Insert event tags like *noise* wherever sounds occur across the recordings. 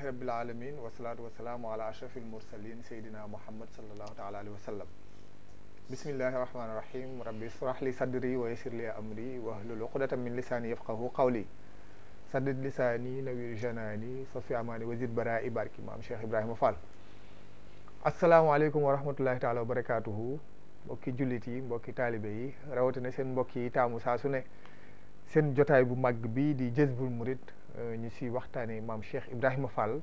لله رب العالمين والصلاة والسلام على أشرف المرسلين سيدنا محمد صلى الله عليه وسلم بسم الله الرحمن الرحيم ربي اشرح لي صدري ويسر لي أمري واحلل عقدة من لساني يفقهوا قولي سدد لساني نوير جناني صفي أماني وزيد برائي بارك إمام شيخ إبراهيم Fall السلام عليكم ورحمة الله تعالى وبركاته mbokki jullit yi طالبي taalibe yi rawatina seen mbokk yi taamu saa su ne seen jotaay ñu ci waxtane mam Cheikh Ibrahima Fall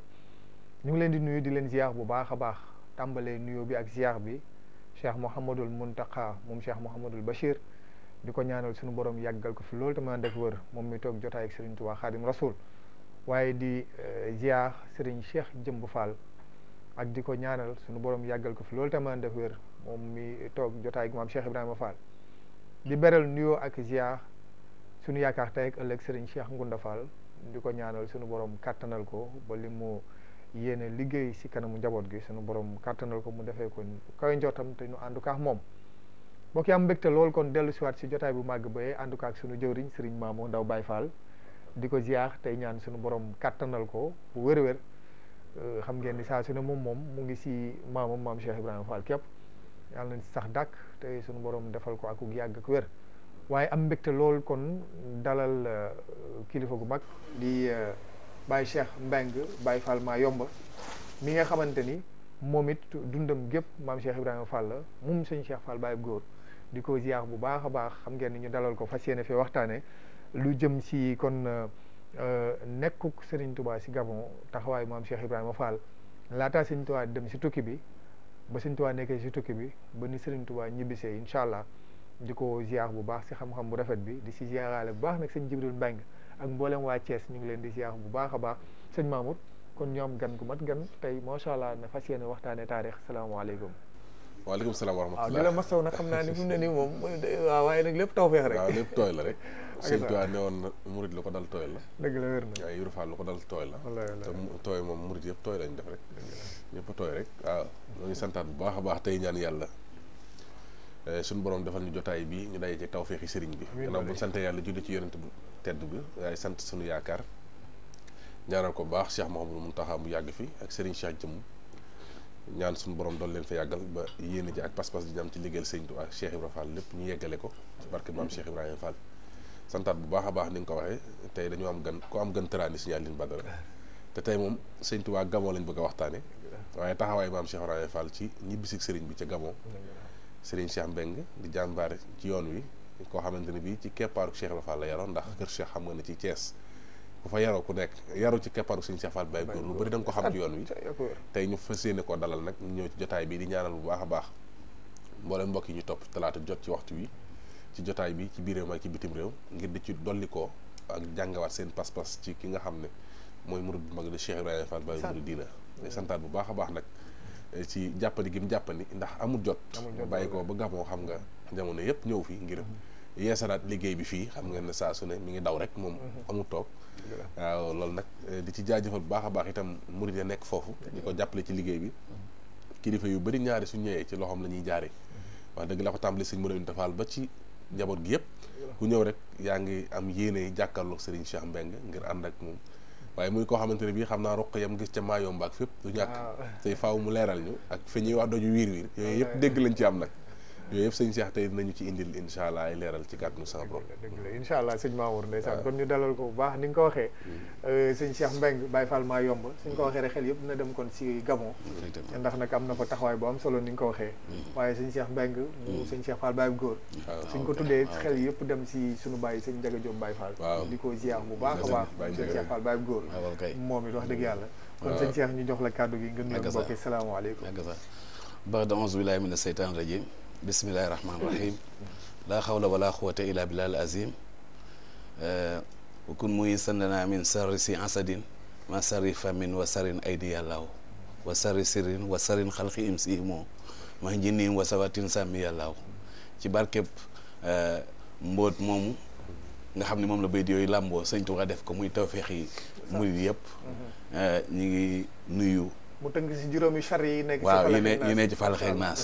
ñu ngi leen di nuyu di leen ziar bu baaxa baax tambale nuyu bi ak ziar bi Cheikh mohammedul muntaka mom Cheikh mohammedul bashir diko ñaanal suñu borom yàggal ko fi lol te mën def wër mom mi tok jotay ak Serigne Touba Khadim Rasoul waye di ziar Serigne Cheikh jëm bu Fall ak diko ñaanal suñu borom yàggal ko fi lol te mën def wër mom mi tok jotay ak mam Cheikh Ibrahima Fall di beral nuyu ak ziar suñu yaakaar tay ak ëlëk Serigne Cheikh Ngunda Fall. ndi ko ñaanal sunu borom kàttanal ko ba li mu yéene liggéey si kanamu njaboot gi sunu borom kàttanal ko mu defee ko kawe njortam ñu ànd ko ak moom. mbokk yi am lool kon dellu siwaat si jotaay bu màgg ba ànd ko ak sunu jëwriñ Serigne Mamou Ndaw Baye Fall di ko ziar tey ñaan sunu borom kàttanal ko bu wér-wér euh, xam ngeen ni saa su ne moom moom mu ngi si maamam maam Cheikh Ibrahima Fall képp yàlla nañ sax dàkk te sunu borom defal ko akug yàgg ak wér. waaye am mbégte lool kon dalal euh, kilifa gu mag di euh, Baye Cheikh Mbengue Baye Fall maa yomb mi nga xamante ni moom it dundam gépp maam Cheikh Ibrahima Fall la moom sëñ Cheikh Fall Baye góor di ko ziar bu baax a baax xam ngeen ni ñu dalal ko fa yéene fee waxtaane lu jëm si kon euh, nekkuk Serigne Touba si Gabon taxawaayu maam Cheikh Ibrahima Fall laataa Serigne Touba dem si tukki bi ba Serigne Touba nekkee si tukki bi ba ni Serigne Touba ñibbisee incha allah. di ko ziar bu baax si xam-xam bu rafet bi di si ziaraale bu baax nak seigne Jibril Mbeng ak mboolem wa Thiès ñu ngi leen di ziar bu baaxa baax seigne Mamour kon ñom gan gu mat gan ma sha allah na fas yéene waxtaanee taarix salaamaaleykum. waaleykum salaam wa rahmatulah waaw di la masaw nag xam naa ni fu mu ne nii moom waaw waaye nag rek. wa lepp toy la rek. seigne *laughs* Tuubaa neewon woon murid lu dal toy la. deug la wér na waaye Yuru dal toy la. te toy mom murid yepp toy lañ def rek. ñepp toy rek wa ñu ngi bu baaxa baax tay ñaan yalla Eh, sun borom defal ñu jotay bi ñu daje ci tawféexi sëriñ bi gannaaw bu sant yalla jullu ci yonent bu tedd bi waaye sant suñu yaakaar ñaanal ko baax cheikh mohammed muntaha mu yàgg fi ak sëriñ cheikh jëm ñaan sun borom doon leen fa yagal ba yéene ji ak pass pass di ñam ci liggéeyal sëriñ Tuubaa cheikh ibrahim Fall lepp ñu yeggale ko ci barke maam cheikh ibrahim Fall santat bu baaxa baax ni nga ko waxee tey dañu am gan ko am gan tëraani signal lin badal te tay mom sëriñ Tuubaa gamoo lañ bëgg a waye taxaway taxawaay cheikh ibrahim Fall ci ñibbisik sëriñ bi ci gamoo Serigne Cheikh Mbengue di jàmbaar ci yoon wi koo xamante ne bii ci keppaaru Cheikh Ibra faal la yaroo ndax kër Cheikh xam nga ne ci Thiès ku fa yaroo ku nekk yaru ci keppaaru Serigne Cheikh Fall Baye Góor lu bëri da ko xam yoon wi *laughs* tey ñu fas yéene koo dalal nag ñu ñëw jotaay bi di ñaanal bu baax a baax mboolem mbokk yi ñu topp talaata jot ci waxtu wi ci jotaay bi ci biir réew ci bitim réew ngir di ci dolli ko ak jàngawaat seen pas-pas ci ki nga xam ne mooy murid bu mag di Cheikh Ibrahima Fall Baye Góor diina santaat bu baax a baax nag ci jàppandi gi mu jàppandi ndax amul jot bàyyi ko ba gàppoo xam nga jamono yëpp ñëw fii ngir mm-hmm. yeesalaat liggéey bi fii xam nga ne saa su ne mi ngi daw rek moom mm-hmm. amul toog waaw loolu nag eh, di ci jaajëfal bu baax a baax itam murid ya nekk foofu ñu ko jàppale ci liggéey bi mm-hmm. kilifa yu bari ñaari su ñëwee ci loxoom la ñuy jaare wax dëgg la ko tàmbali sëñ Mouride Fall ba ci njaboot gi yëpp ku ñëw rek yaa ngi am yéene jàkkaarloo Serigne Cheikh Mbengue ngir ànd ak moom waaye muy koo xamante ne bii xam naa roq yam gis ca maayomba ak fépp du ñàkk tey faaw mu leeral ñu ak fi ñuy wax doju wiir wiir yooyu yëpp dégg lañ ci am nag yooyu yëpp sëñ Cheikh tey nañu ci indil incha allah ay leeral ci kàttanu sama borom. dëgg la incha allah sëñ Mamour ndeysaan ah. kon ñu dalal ko baax ni nga ko waxee. Euh, sëñ Cheikh Mbengue Baye Fall maa yomb suñ ko waxee rek xel yëpp dina dem kon si Gabon. ndax nag am na fa taxawaay bu am solo ni nga ko waxee. Mm. waaye sëñ Cheikh Mbengue. mu mm. sëñ Cheikh Fall góor. Ah, suñ ko tuddee xel yëpp dem si suñu bàyyi sëñ Ndiaga Diop Baye Fall. di ko ziar bu baax a baax sëñ Cheikh Fall Baye góor. Ah, moom it wax dëgg yàlla. kon sëñ Cheikh ñu jox la kàddu gi nga nuyu mbokk salaamaaleykum. baax da auzu billaahi mina seytaan rajim بسم الله الرحمن الرحيم لا حول ولا قوة إلا بالله العظيم وكن ميسننا من سر سي أسد ما سرف من وسر أيدي الله وسر سر وسر خلق إمسيهم ما جنين وسوات سامي الله تباركب موت موم نحن xamni mom la bay diyo lambo seigne touba def mu tënk si juróomi char yi nekk waaw yi ne yi ne ci fàllaxeeg naas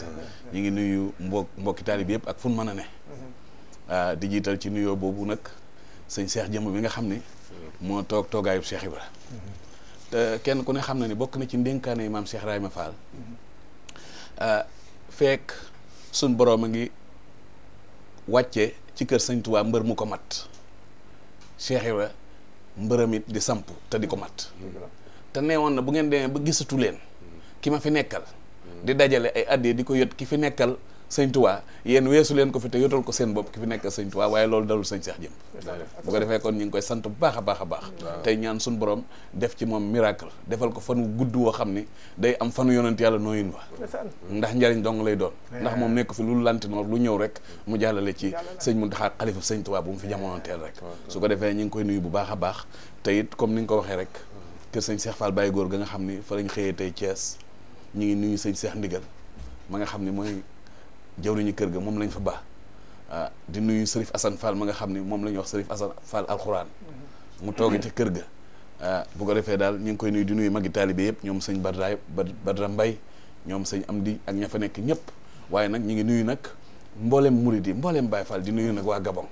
ñu ngi nuyu mbokk mbokki taalib yëpp ak fu mën a ne waaw mhm. ah, di jiital ci nuyoo boobu nag sëñ Cheikh jëmm bi nga xam ne moo toog Cheikh Ibra mhm. te kenn ku ne xam ni bokk na ci ndénkaane yi Cheikh Rahima Fall mhm. ah, fekk suñ boroom a ngi wàcce ci kër sëñ Tuubaa mbër mu ko mat Cheikh Ibra mbëramit di samp te di ko mat te nee neewoon na bu ngeen demee ba gisatu leen ki ma fi nekkal di dajale ay addee di ko yot ki fi nekkal sëñ Tuubaa yéen weesu leen ko fi te yotal ko seen bopp ki fi nekkal sëñ Tuubaa waaye loolu dalul sëñ Seex Jëmb bu ko defee kon ñu ngi koy sant bu baax a baax a baax tey ñaan suñu borom def ci moom miracle defal ko fan gudd woo xam ni day am fanu yonent yàlla nooyin wa ndax njariñ dong lay doon eh. ndax moom nekk fi lu lantinoor lu ñëw rek mu jàllale ci sëñ Muntaxa xalifa sëñ Tuubaa bu mu fi jamonoonteel rek su ko defee ñu ngi koy nuyu bu baax a baax te it comme ni nga ko waxee rek kër sëñ Cheikh Fall Baye Góor ga nga xam ni fa lañ xëyee tey Thiès ñu ngi nuyu sañ Cheikh Ndigal ma nga xam ni mooy jawriñu kër ga moom lañ fa baax ah, di nuyu Serif Assane Fall ma nga xam ni moom la ñuy wax Serif Assane Fall alxuraan mu toog ca kër ga. Ah, bu ko defee daal ñu ngi koy nuyu di nuyu magi taalibe yëpp ñoom sëñ Badra Badra Mbay ñoom sëñ Amdi ak ña fa nekk ñëpp waaye nag ñu ngi nuyu nag. mboolem murid yi mboolem Baye Fall di nuyu nag waa Gabon.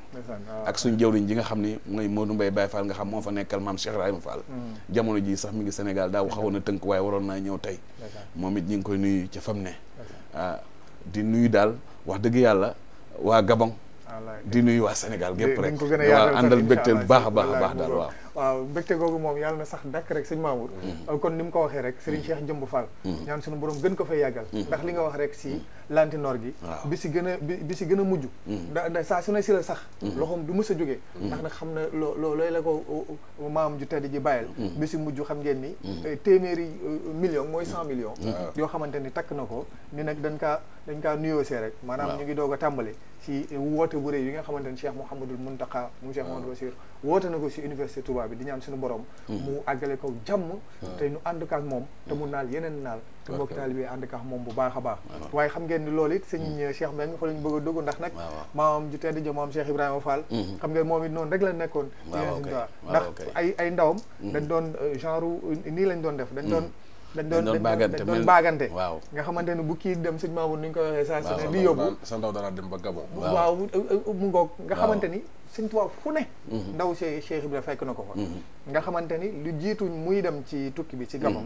ak suñ jëwriñ ji nga xam ni mooy Modou Mbaye Baye Fall nga xam moo fa nekkal maam Cheikh Ibrahima Fall. Mm. jamono ji sax mi ngi senegal daaw xawoon na tënk waaye naa ñëw tey. moom it ñu ngi koy nuyu ca fam ne. Ah, di nuyu daal wax dëgg yàlla waa Gabon. di nuyu waa Sénégal gépp rek. di ko gën àndal mbégteel bu baax a baax a baax daal waa waaw mbégte googu moom yàlla na sax dakk rek sëñ Mamour mm-hmm. kon ni mu ko waxee rek Serigne Cheikh Jëmb Fall mm-hmm. ñaan suñu borom gën ko fay mm-hmm. ndax li nga wax rek si lantin gi bi si gën a bi si gën a si la sax loxoom du mës a jógee ndax nag xam na loo looy la ko uh, uh, maam ju tedd ji bàyyil bi si mujj xam ngeen ni eh, téeméeri uh, million mooy cent million yoo xamante ni ni dañ dañ rek ñu ngi si bu rëy yi nga xamante Cheikh Mouhamadul Cheikh woote na ko si université Touba bi di ñaan suñu borom. Hmm. mu àggale ko jàmm. Hmm. te ñu ànd ak moom te mu hmm. naal yeneen naal. te mbokk taalibe ànd ak moom bu baax a baax. waaye xam ngeen ni loolu it sëñ Cheikh Mbengue fa lañu bëgg a dugg ndax nag. maam ju tedd ja maam Cheikh Ibrahima Fall. xam ngeen moom it noonu rek la nekkoon. waaw ndax ay ay ndawam. dañ doon euh, genre nii lañ doon def dañ doon. dañ doon baagante doon baagante waaw nga xamante ne bu kii dem sëñ Mamour ni koy waxee saa su ne di yóbbu sa ndaw dara dem ba Gabon waaw euh, euh, euh, mu ngoog nga xamante ni sëñ Tuubaa fu ne mhm. ndaw Cheikh Cheikh Ibra fekk na ko fa mhm. nga xamante ni lu jiitu muy dem ci tukki bi ci mhm. Gabon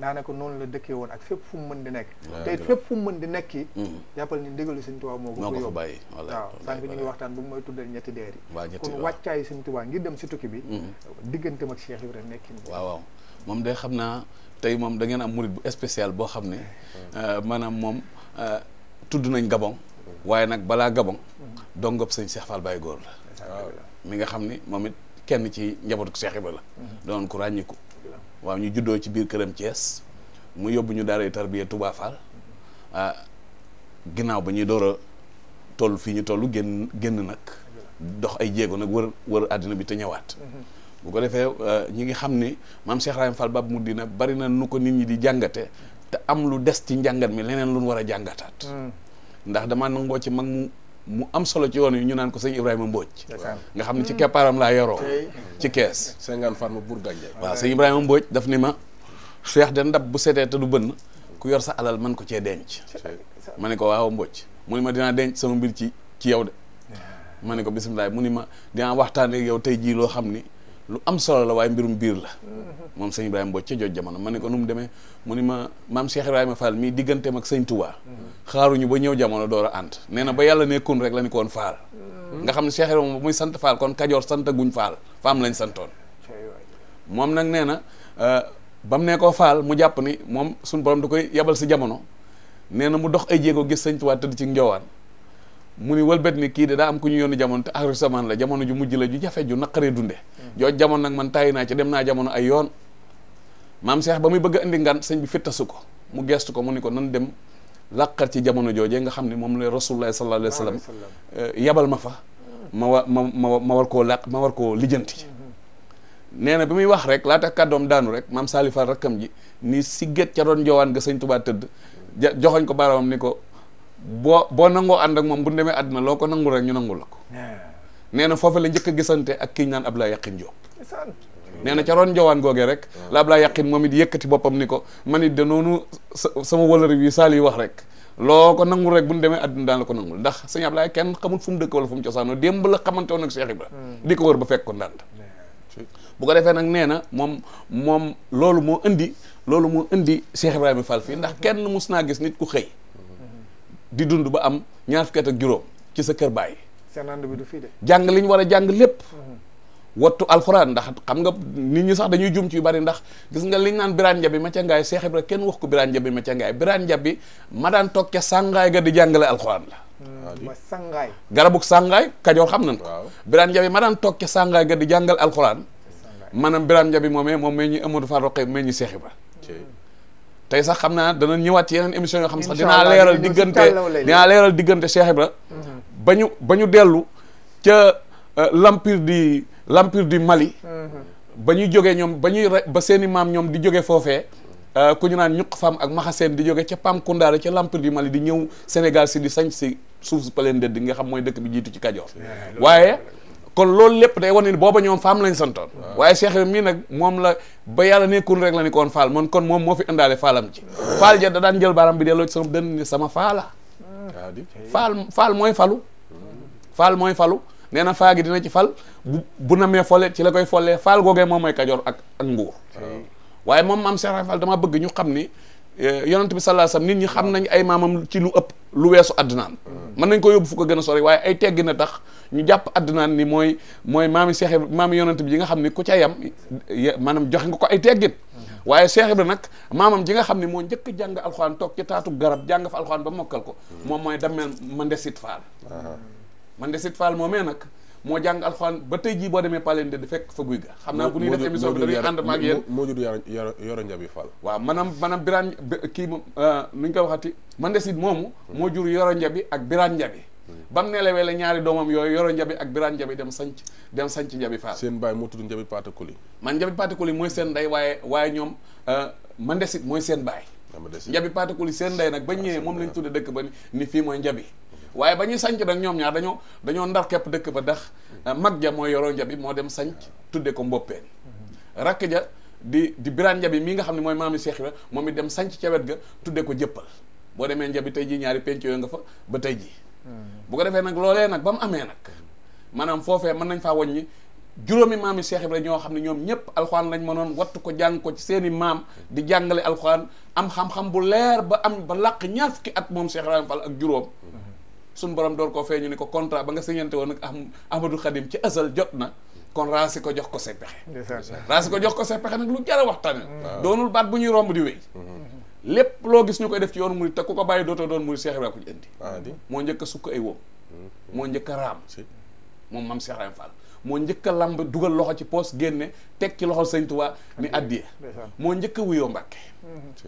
daanaka noonu la dëkkee woon ak fépp fu mu mën di nekk te it fépp fu mu mën di nekk yi jàppal ni ndigalu sëñ Tuubaa moo ko yóbbu waaw sànq ñu ngi waxtaan bu mooy tuddal ñetti deer yi kon wàccaay sëñ Tuubaa ngir dem si tukki bi diggante mag Cheikh Ibra nekkin waaw moom tey moom dangeen am murit bu spécial boo xam ne euh, maanaam moom euh, tudd nañ Gabon waaye nag balaa Gabon dongob sëñ Cheikh Fall Baye Góor la waaw mi nga xam ni moom it kenn ci njabootu Cheikh Ibra la doon ku ràññiku waaw ñu juddoo ci biir këram Thiès mu yóbbu ñu daaray tarbiya Touba Fall ah, ginnaaw ba ñuy door a toll fii ñu toll génn génn nag dox ay jéego nag wër wër àddina bi te ñëwaat bu ko defé euh, ñi ngi xamni mam Cheikh Rahim Fall Bab Mudina bari na nu ko nit ñi di jangate te am lu dess ci jangat mi leneen lu wara jangataat hmm. ndax dama nango ci mag mu am solo ci yoon yu ñu naan ko sëñ Ibrahima mbocc nga xamni ci keppaaram la yoro ci kees. cinquante farme pour gàncax. wa Ibrahima mbocc daf ni ma. Cheikh de ndab bu sété te du bënn ku yor sa alal man ko ci denc. mané ko waaw mbocc mu ni ma dina denc sama mbir ci ci yow de. mané ko bismillah mu ni ma dina waxtane yow tay ji lo xamni lu am solo la waaye mbirum biir la moom sëñ Ibrahima Mbodj ca jamono ma ne ko nu mu demee mu ni ma maam Cheikh Ibrahima Fall mii digganteem ak sëñ Touba xaaruñu ba ñëw jamono door a ànd na ba yàlla nekkoon rek la ñu ko nga xam ne Cheikh Ibrahima ba muy sant Fall kon Kajoor sant guñ Fall faam lañ santoon moom nag nee na eh, ba mu nee koo mu jàpp ni moom suñ borom da koy yabal si jamono nee na mu dox ay jéego gis sëñ Touba tëdd ci njoowaan mu ni wëlbet kii de daa ñu yónni jamono te axiru samaan la jamono ju mujj la ju jafe ju naqaree dunde jooju jamono nak man tayina ci dem na jamono ay yoon mam Cheikh bamuy bëgg andi ngan señ bi fittasu ko mu gestu ko muniko nan dem làqal ci jamono joojee nga xamni mom lay rasulullah sallallahu Alaihi Wasallam. Eh, yabal ma fa ma ma ma war ko laq ma war ko lijeenti neena bamuy wax rek laata kàddoom daanu rek mam salifa rakam ji ni siget ca don jowan ga señ Tuubaa teud joxoñ ko baram niko bo bo nango and ak mom bu demee adna loko nangul rek ñu nangul lako nee fofu la ñëk gisante ak ki ñaan Abdoulaye yaqin Diop nee na ca roon njowaan googee rek la Abdoulaye yaqin momit yëkëti bopam niko manit de nonu sama wëlër wi sali wax rek loko nangul rek buñu démé demee dal ko nangul ndax seigne Abdoulaye kenn xamul fu mu dëkk wala fu mu cosaanoo la ak Cheikh Ibra di ko wër ba fekkon dal bu ko défé nak nee mom mom lolu mo indi lolu mo indi Cheikh ibrahim Fall fi ndax kenn musna gis nit ku xey di dund ba am ñaar fukkat ak juroom ci sa kër baye jang liñ wara jang lepp wattu alquran ndax xam nga nit ñi sax dañuy jum ci bari ndax gis nga liñ nane biran jabi ma ca ngaay cheikh Ibra lah. wax ko biran jabi ma ca ngaay biran jabi ma dan tok ca sangay ga di jangale alquran la mm, sangay garabuk sanggai kajoor xam nañ biran jabi ma dan tok ca sangay ga di jangal alquran manam biran jabi momé moom may ñu Amadou Fall may ñu Seex Ibra mm. sax xamna da dana ñewat yeneen émission yo xam sax dina leral digënté dina leral digënté Cheikh Ibra mm-hmm. ba ñu ba ñu dellu ca euh, l'empire du l'empire du Mali mm-hmm. ba ñuy jógee ñoom ba ñuy ba seeni maam ñoom di jóge foofee euh, ku ñu naan ñuq fam ak maxaseen di jóge ca Pam Koundaare ca l'empire du Mali di ñëw Sénégal si di sañ si suuf si paleen dëdd nga xam mooy dëkk bi jiitu ci Kajoor waaye kon loolu lépp day wane ni booba ñoom faam lañ santoon waaye Cheikh mii nag moom la ba yàlla nekkul rek la ni koon faal man kon moom moo fi indaale faalam ci faal ja da daan jël baram bi delloo ci sama dënn sama faala mm. mooy falu fal moy falu neena faagi dina ci fal bu bu namee folle ci la koy folé fal googee mom moy kadior ak ak nguur waye mom maam Cheikh Fall dama bëgg ñu xamni ni eh, bi sallallahu alayhi wasallam nit ñi xam nañ ay mamam ci lu ëpp lu weesu addunaan hmm. man nañ ko yobbu fuko gëna sori waye ay teggi na tax ñu japp addunaan ni moy moy maami Cheikh maami yonent bi yi nga xamni ku ca yam manam jox nga ko ay teggin hmm. waye Cheikh Ibra nak mamam ji nga xamni mo ñëk jang alcorane tok ci taatu garab jang fa alcorane ba mokal ko hmm. moom mooy dammel man dessit fal ah man de Siteu Fall momé nak mo jang alcorane ba tay ji bo démé Palen de fek fa guy xamna bu ñuy def émission bi dañuy and ak yeen mo jur yoro yoro njabi Fall wa manam manam biran ki moom euh, nu ko waxati man de Siteu momu mo jur yoro njabi ak biran njabi ba mu nelawee la ñaari domam yoy yoro njabi ak biran njabi dem sanc dem sanc njabi Fall seen baay moo tudd njabi patakuli man njabi patakuli mooy seen waye waye ñom euh man de Siteu mooy seen baay njabi patakuli seen nday nak bañ ñëwee mom lañ tudde dëkk ba ni fii mooy njabi waaye ba ñu sanc nag ñoom ñaar dañoo dañoo ndar képp dëkk ba dax eh, mag ja mooy yoroo njabi moo dem sanc tuddee ko mboppeen rakk ja di di biraan njabi mii nga xam ne mooy maami Seex Ibra moom it dem sanc ca wet ga tudde ko jëppal boo demee njabi tey jii ñaari penc yooyu nga fa ba tey jii hmm. bu ko defee nag loolee nag ba mu amee nag maanaam foofee mën nañ faa wàññi juróomi maam yi Seex Ibra ñoo xam ne ñoom ñëpp alxuraan lañ mënoon wattu ko jàng ko ci seeni maam di jàngale alxuraan am xam-xam bu leer ba am ba làq ñaar fukki at moom Seex Ibra Fall ak juróom hmm. Sun borom door ko feñu ni ko contrat ba nga signante won ak amadou Khadim ci azal jotna kon rasi ko jox ko sey pexe rasi ko jox ko sey pexe nak lu jara waxtane donul bat buñu bu romb di wéy mhm. lepp lo gis ñukoy def ci yoonu murid ta ku ko baye doto don murid cheikh ibrahim ko indi ah, mo a sukk ay wo mhm. mo njëkk ram mam cheikh ibrahim Fall mo njëkk lamb dugal loxo ci poste génne tek ci loxo seigne touba ni addiya mo njëkk wuyo mbacké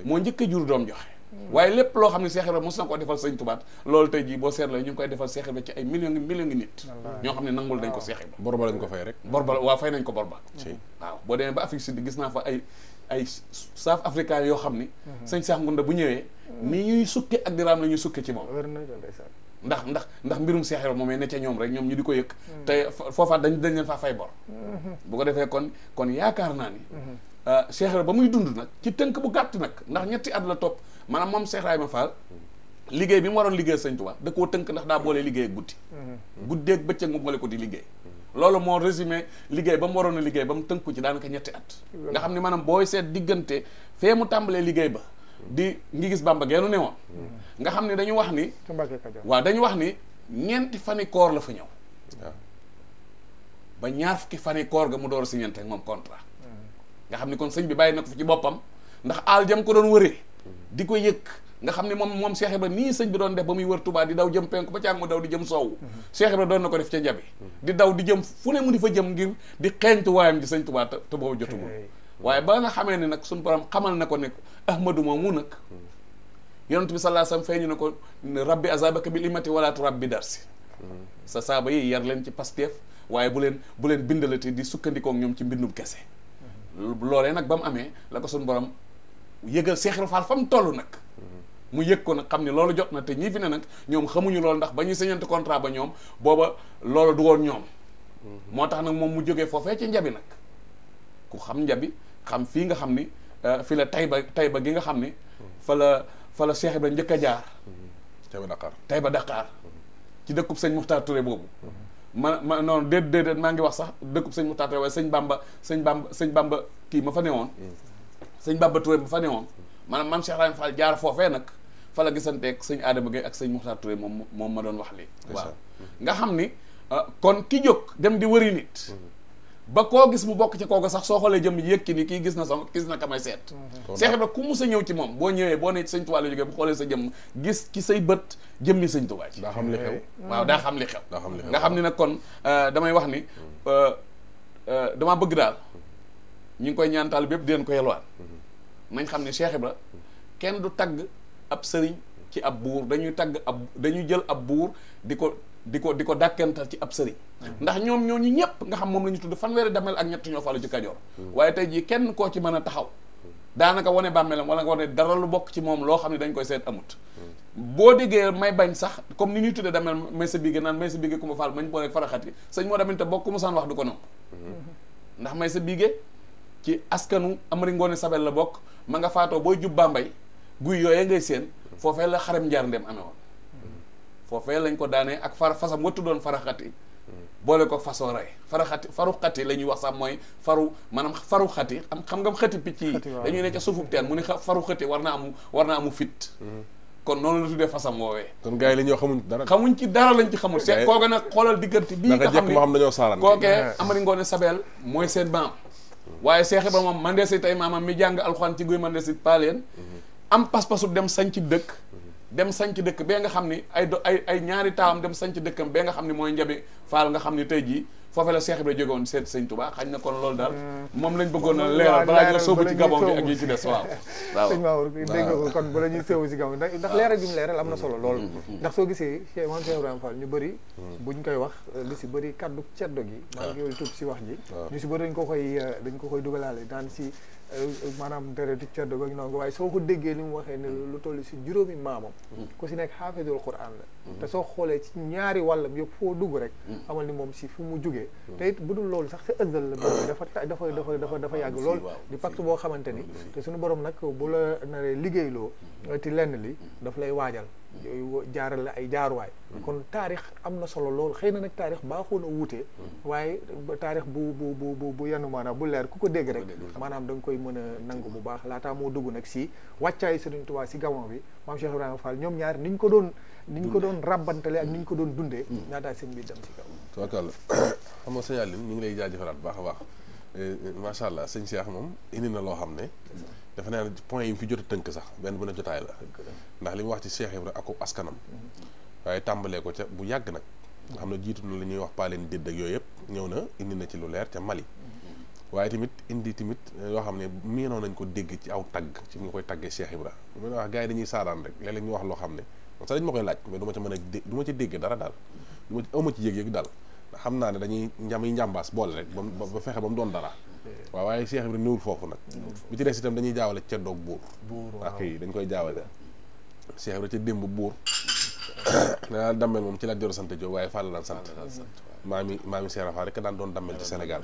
mo moo jur dom joxé waye lepp lo xamni Cheikh Ibra musna ko defal seigne touba Tuubaa tay ji bo set la ñu koy defal Cheikh Ibra ci ay million million nit ño xamni nangul dañ ko Cheikh Ibra borba lañ ko fay rek borba wa fay nañ ko borba waaw bo demee ba Afrique Sud gis na fa ay ay South africain yo xamni mhm. seigne Cheikh Ngounda bu ñewé mhm. ni ñuy sukke ak diram lañu ñuy ci mom ndax ndax ndax mbirum Cheikh Ibra momé ne ñom rek ñom ñu diko yek mhm. yëkk fofa dañ dañ leen fa fay bor bu ko defé kon kon yaakar na ni ah, Cheikh Ibra ba muy dund nag ci teunk bu gatt nak ndax ñetti at la top maanaam moom Cheikh Ibrahima Fall liggéey bi mu waroon liggéey sëñ Tuubaa da koo tënk ndax daa boole liggéey ak guddi guddeeg bëccëg mu boole ko di liggéey loolu moo résumé liggéey ba mu waroon a liggéey ba mu ku ci daanaka ñetti at nga xam ne maanaam booy seet diggante fee mu tàmbalee liggéey ba di ngi gis Bàmba geenu ne woon nga xam ne dañu wax ni waaw dañu wax ni ñeenti fani koor la fa ñëw ba ñaar fukki fani koor ga mu door a signé ak moom contrat nga xam ni kon sëñ bi bàyyi na ko fi boppam ndax aal jam ko doon wëree di ko yëg nga xam ne moom moom Cheikh Ibra nii sëñ bi doon def ba muy wër tubaab di daw jëm penku ba caag mu daw di jëm soow Cheikh Ibra doon na ko def ca njabi di daw di jëm fu ne mu di fa jëm ngir di xeeñtu waayam di sëñ Touba te boobu jotugul waaye ba nga xamee ne nag suñu borom xamal na ko ne ahmadu moom mu nag yonent bi laa alayhi wasallam feeñu na ko rabbi azabaka bil imati wala turabbi darsi sa saaba yi yar leen ci pasteef waaye bu leen bu leen bindalati di sukkandikoo ñoom ci mbindum kese loolee nag ba mu amee la ko suñu borom yëgal cheikhul Fall fam tollu nak mu yek ko nak xamni lolu jot na te ñi fi ne nag ñoom xamuñu lolu ndax bañu ñuy contrat ba ñom boba lolu du won ñom motax nak mom mu joge fofé ci njabi nak ku xam njabi xam fi nga xamni euh, fi la Tayba Tayba gi nga xamni fa la fa la Cheikh ibrahim njëkk jaar Tayba Dakar Tayba Dakar mhm. ci dekkup sëñ Muxtaar Touré bobu mhm. ma non de de ma ngi wax sax dekkup sëñ Muxtaar Touré waaye Bamba sëñ Bamba sëñ Bamba ki ma fa newon mhm. sëñ Baba Touré ba fa ne woon maanaam man Cheikh Ibrahima Fall jaar foofee nag fa la gisanteeg sëñ Adama Gueye ak sëñ Moukhtar Touré moom moom ma doon wax lii waaw nga xam ni euh, kon ki jóg dem di wëri nit mm-hmm. koo gis mu bokk ci kooku sax soo xoolee jëm yëkki ni kii gis na sama gis na kamay seet Seex mm-hmm. Ibra ku musa ñëw ci moom boo ñëwee boo ne ci sëñ Tuubaa la jógee sa jëm gis ci say bët jëmmi sëñ Tuubaa ci daa xam li mm-hmm. waaw daa xam li xew nga xam ni nag kon euh, damay wax ni euh, dama bëgg daal ñu ngi koy ñaan taal bépp di leen ko yelwaan nañ xam ne Cheikh ba kenn du tagg ab sëriñ ci ab buur dañuy tagg ab dañuy jël ab buur di ko di ko di ko dàkkantal ci ab sëriñ ndax ñoom ñoo ñu ñëpp nga xam moom la ñu fan fanweeri damel ak ñett ñoo falu ci Kajoor waaye tey jii kenn koo ci mën a taxaw daanaka wane bàmmeelam wala nga wane dara lu bokk ci moom loo xam ne dañ koy seet amut boo déggee may bañ sax comme ni ñuy tuddee damel may sa bigé naan may sa bigé ku ma faal mañ boolee faraxat yi sëñ moo damante bokk mu saan wax du ko nopp ndax may sa ci askanu Amari Ngoone Sabel la bokk ma nga faatoo booy jub Bambey guy yooyee ngay seen foofee la xaram njaar ndem amee woon foofee lañ ko daanee ak far fasam wattu doon faraxati boole ko façon rey faru xati la ñuy wax sax mooy faru maanaam faru xati am xam nga xati picc yi dañuy ne ca suufub teen mu ne faru xati war na amu war na amu fit kon noonu la tuddee fasam woowee kon gars yi la ñoo xamuñ dara xamuñ ci dara lañ ci xamul seet kooke xoolal diggante bii nga xam ne dañoo saaran kookee ah. Amari Ngoone Sabel mooy seen baam waaye Cheikh Ibra moom Mandesi tey maamam mi jàng alxuraan ci guy Mandesi paaleen am pas-pasu dem sañ ci dëkk dem sanc dëkk bee nga xam ni ay do ay ñaari taam dem sanc dëkkam bee nga xam ni mooy njabi faal nga xam ni tey jii foofe la Cheikh Ibra jóge woon seet sañ Touba xañ na kon loolu daal mm. moom lañ bëggoon a leeral balaa ñoo sóobu ci gabon bi ak yi ci des waaw waaw sëñ Mamour dégg nga ko kon bala ñuy sóobu ndax leeral bi mu leeral am na solo lool mm-hmm. Mm-hmm. ndax soo gisee Cheikh Mame Cheikh Ibrahima Fall ñu bëri mm. buñ koy wax euh, li si bëri kàddu ceddo gi maa ngi ah. tuub si wax ji ah. ñu si bëri dañ koy euh, dañ ko koy dugalaale daan si Euh, maanaam deret di ceddo beeg noonu waaye soo ko déggee ni mu waxee ne lu toll si juróomi maamam ku si nekk xaafidul quran la te soo xoolee ci ñaari wàllam yëpp foo dugg rek amal ni moom si fu mu jugee te it bu dul loolu sax sa ëzzal la dafa dafa dafa dafa dafa yàgg lool di pacte boo xamante ni te suñu borom nag bu la naree liggéeyloo ci lenn li daf lay waajal jaaral la ay jaaruwaay kon taarix am na solo lool xëy na nag taarix baaxoon a wuute waaye taarix bu bu bu bu bu yenn maanaam bu leer ku ko dégg rek maanaam da koy mën a nangu bu baax laataa moo dugg nag si wàccaay Sëriñ Tuubaa si gawon bi maam Cheikh ñoom ñaar ni ñu ko doon ni ñu ko doon ràbbantale ak ni ñu ko doon dundee laataa hmm. sëñ bi dem si gaw tubaarkàlla *coughs* xam nga sëñ ñu ngi lay jaajëfalaat baax a baax eh, eh, macha allah sëñ Cheikh moom indi na loo xam ne dafa naa ne point yi mu fi jot a tënk sax benn bu ne jotaay la ndax li mu wax ci Cheikh Ibra ak askanam mm-hmm. waaye tàmbalee ko ca bu yàgg nag nga xam ne jiitu na la ñuy wax paaleen dédd ak yooyu yëpp ñëw na indi na ci lu leer ca Mali mm-hmm. waaye tamit indi tamit yoo xam ne miinoo nañ ko dégg ci aw tagg ci nga koy taggee Cheikh Ibra mu ne wax gars yi dañuy saaraan rek léeg-léeg wax loo xam ne sax dañ ma koy laaj mais du ma ca mën a ci dégg dara daal mm-hmm. du ma ci ama ci yëg daal xam naa ne dañuy njam njàmbaas boole rek ba fexe ba doon dara Eh. waaw waaye Cheikh Ibrahima néewul foofu nag bi ci des itam dañuy jaawale ceddoog buur ak yi dañ koy jaawale Cheikh Ibrahima ca démb buur *coughs* danaa dammel moom ci la joro sant Jóob waaye Fall daan sant maami maami maam Rafa rek daan doon dammel ci Sénégal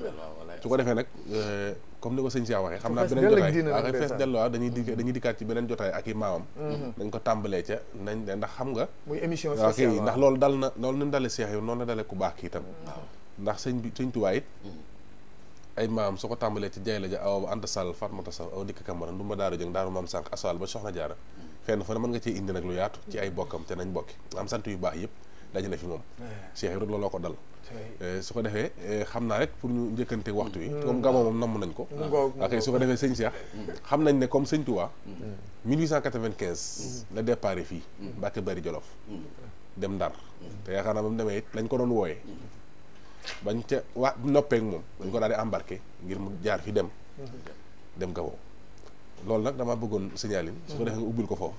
su ko defee nag eh, comme ni ko sëñ Cheikh waxee xam naa beneen jotaay waaw fees dellu waaw di mm-hmm. dañuy dikkaat ci beneen jotaay ak mm-hmm. ko tàmbalee ca nañ de ndax xam nga muy émission spéciale ndax loolu dal na loolu ni dale dalee Cheikh noonu la dalee ku baax ki itam mm-hmm. ndax sëñ bi sëñ tuwaay it ay maam su ko tàmbalee ci jay la ja awa ba Anta Sall Fatmata Sall aw dikk Kamara ndumba daara jëng daaru maam sànq aswal ba soxna jaara fenn fa ne nga ciy indi nag lu yaatu ci ay bokkam te nañ bokki am sant yu baax yëpp daje na fi moom eh. Cheikh ko dal eh, ko defee eh, xam naa rek pour ñu njëkkante waxtu wi hmm. comme gamoo moom namm nañ ko hmm. ok su ko defee sëñ Cheikh hmm. xam nañ ne comme sëñ Touba 1895 la départ fii Mbacke Bari Jolof dem Ndar te yaakaar naa ba mu demee it lañ ko doon wooye bañ ca waa noppee ak moom dañ ko daa di embarqué ngir mu jaar fi dem dem Gabon loolu nag damaa bëggoon signaler su ko defee nga ubbil ko foofu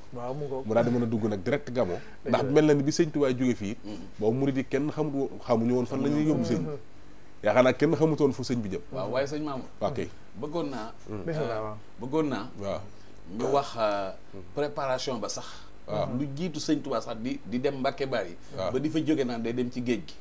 mu daal di mën a dugg nag direct Gabon ndax mel na ni bi sëñ Tuubaa jóge fii boobu murid yi kenn xamut xamuñu woon fan lañuy ñuy yóbbu sëñ yaakaar naa kenn xamutoon fu sëñ bi jëp waaw waaye sëñ Mamour waaw kay bëggoon naa euh, bëggoon naa waaw ñu wax euh, préparation ba sax lu jiitu sëñ Tuubaa sax di di dem Mbàkke Bari ba di fa jóge naan day dem ci géej gi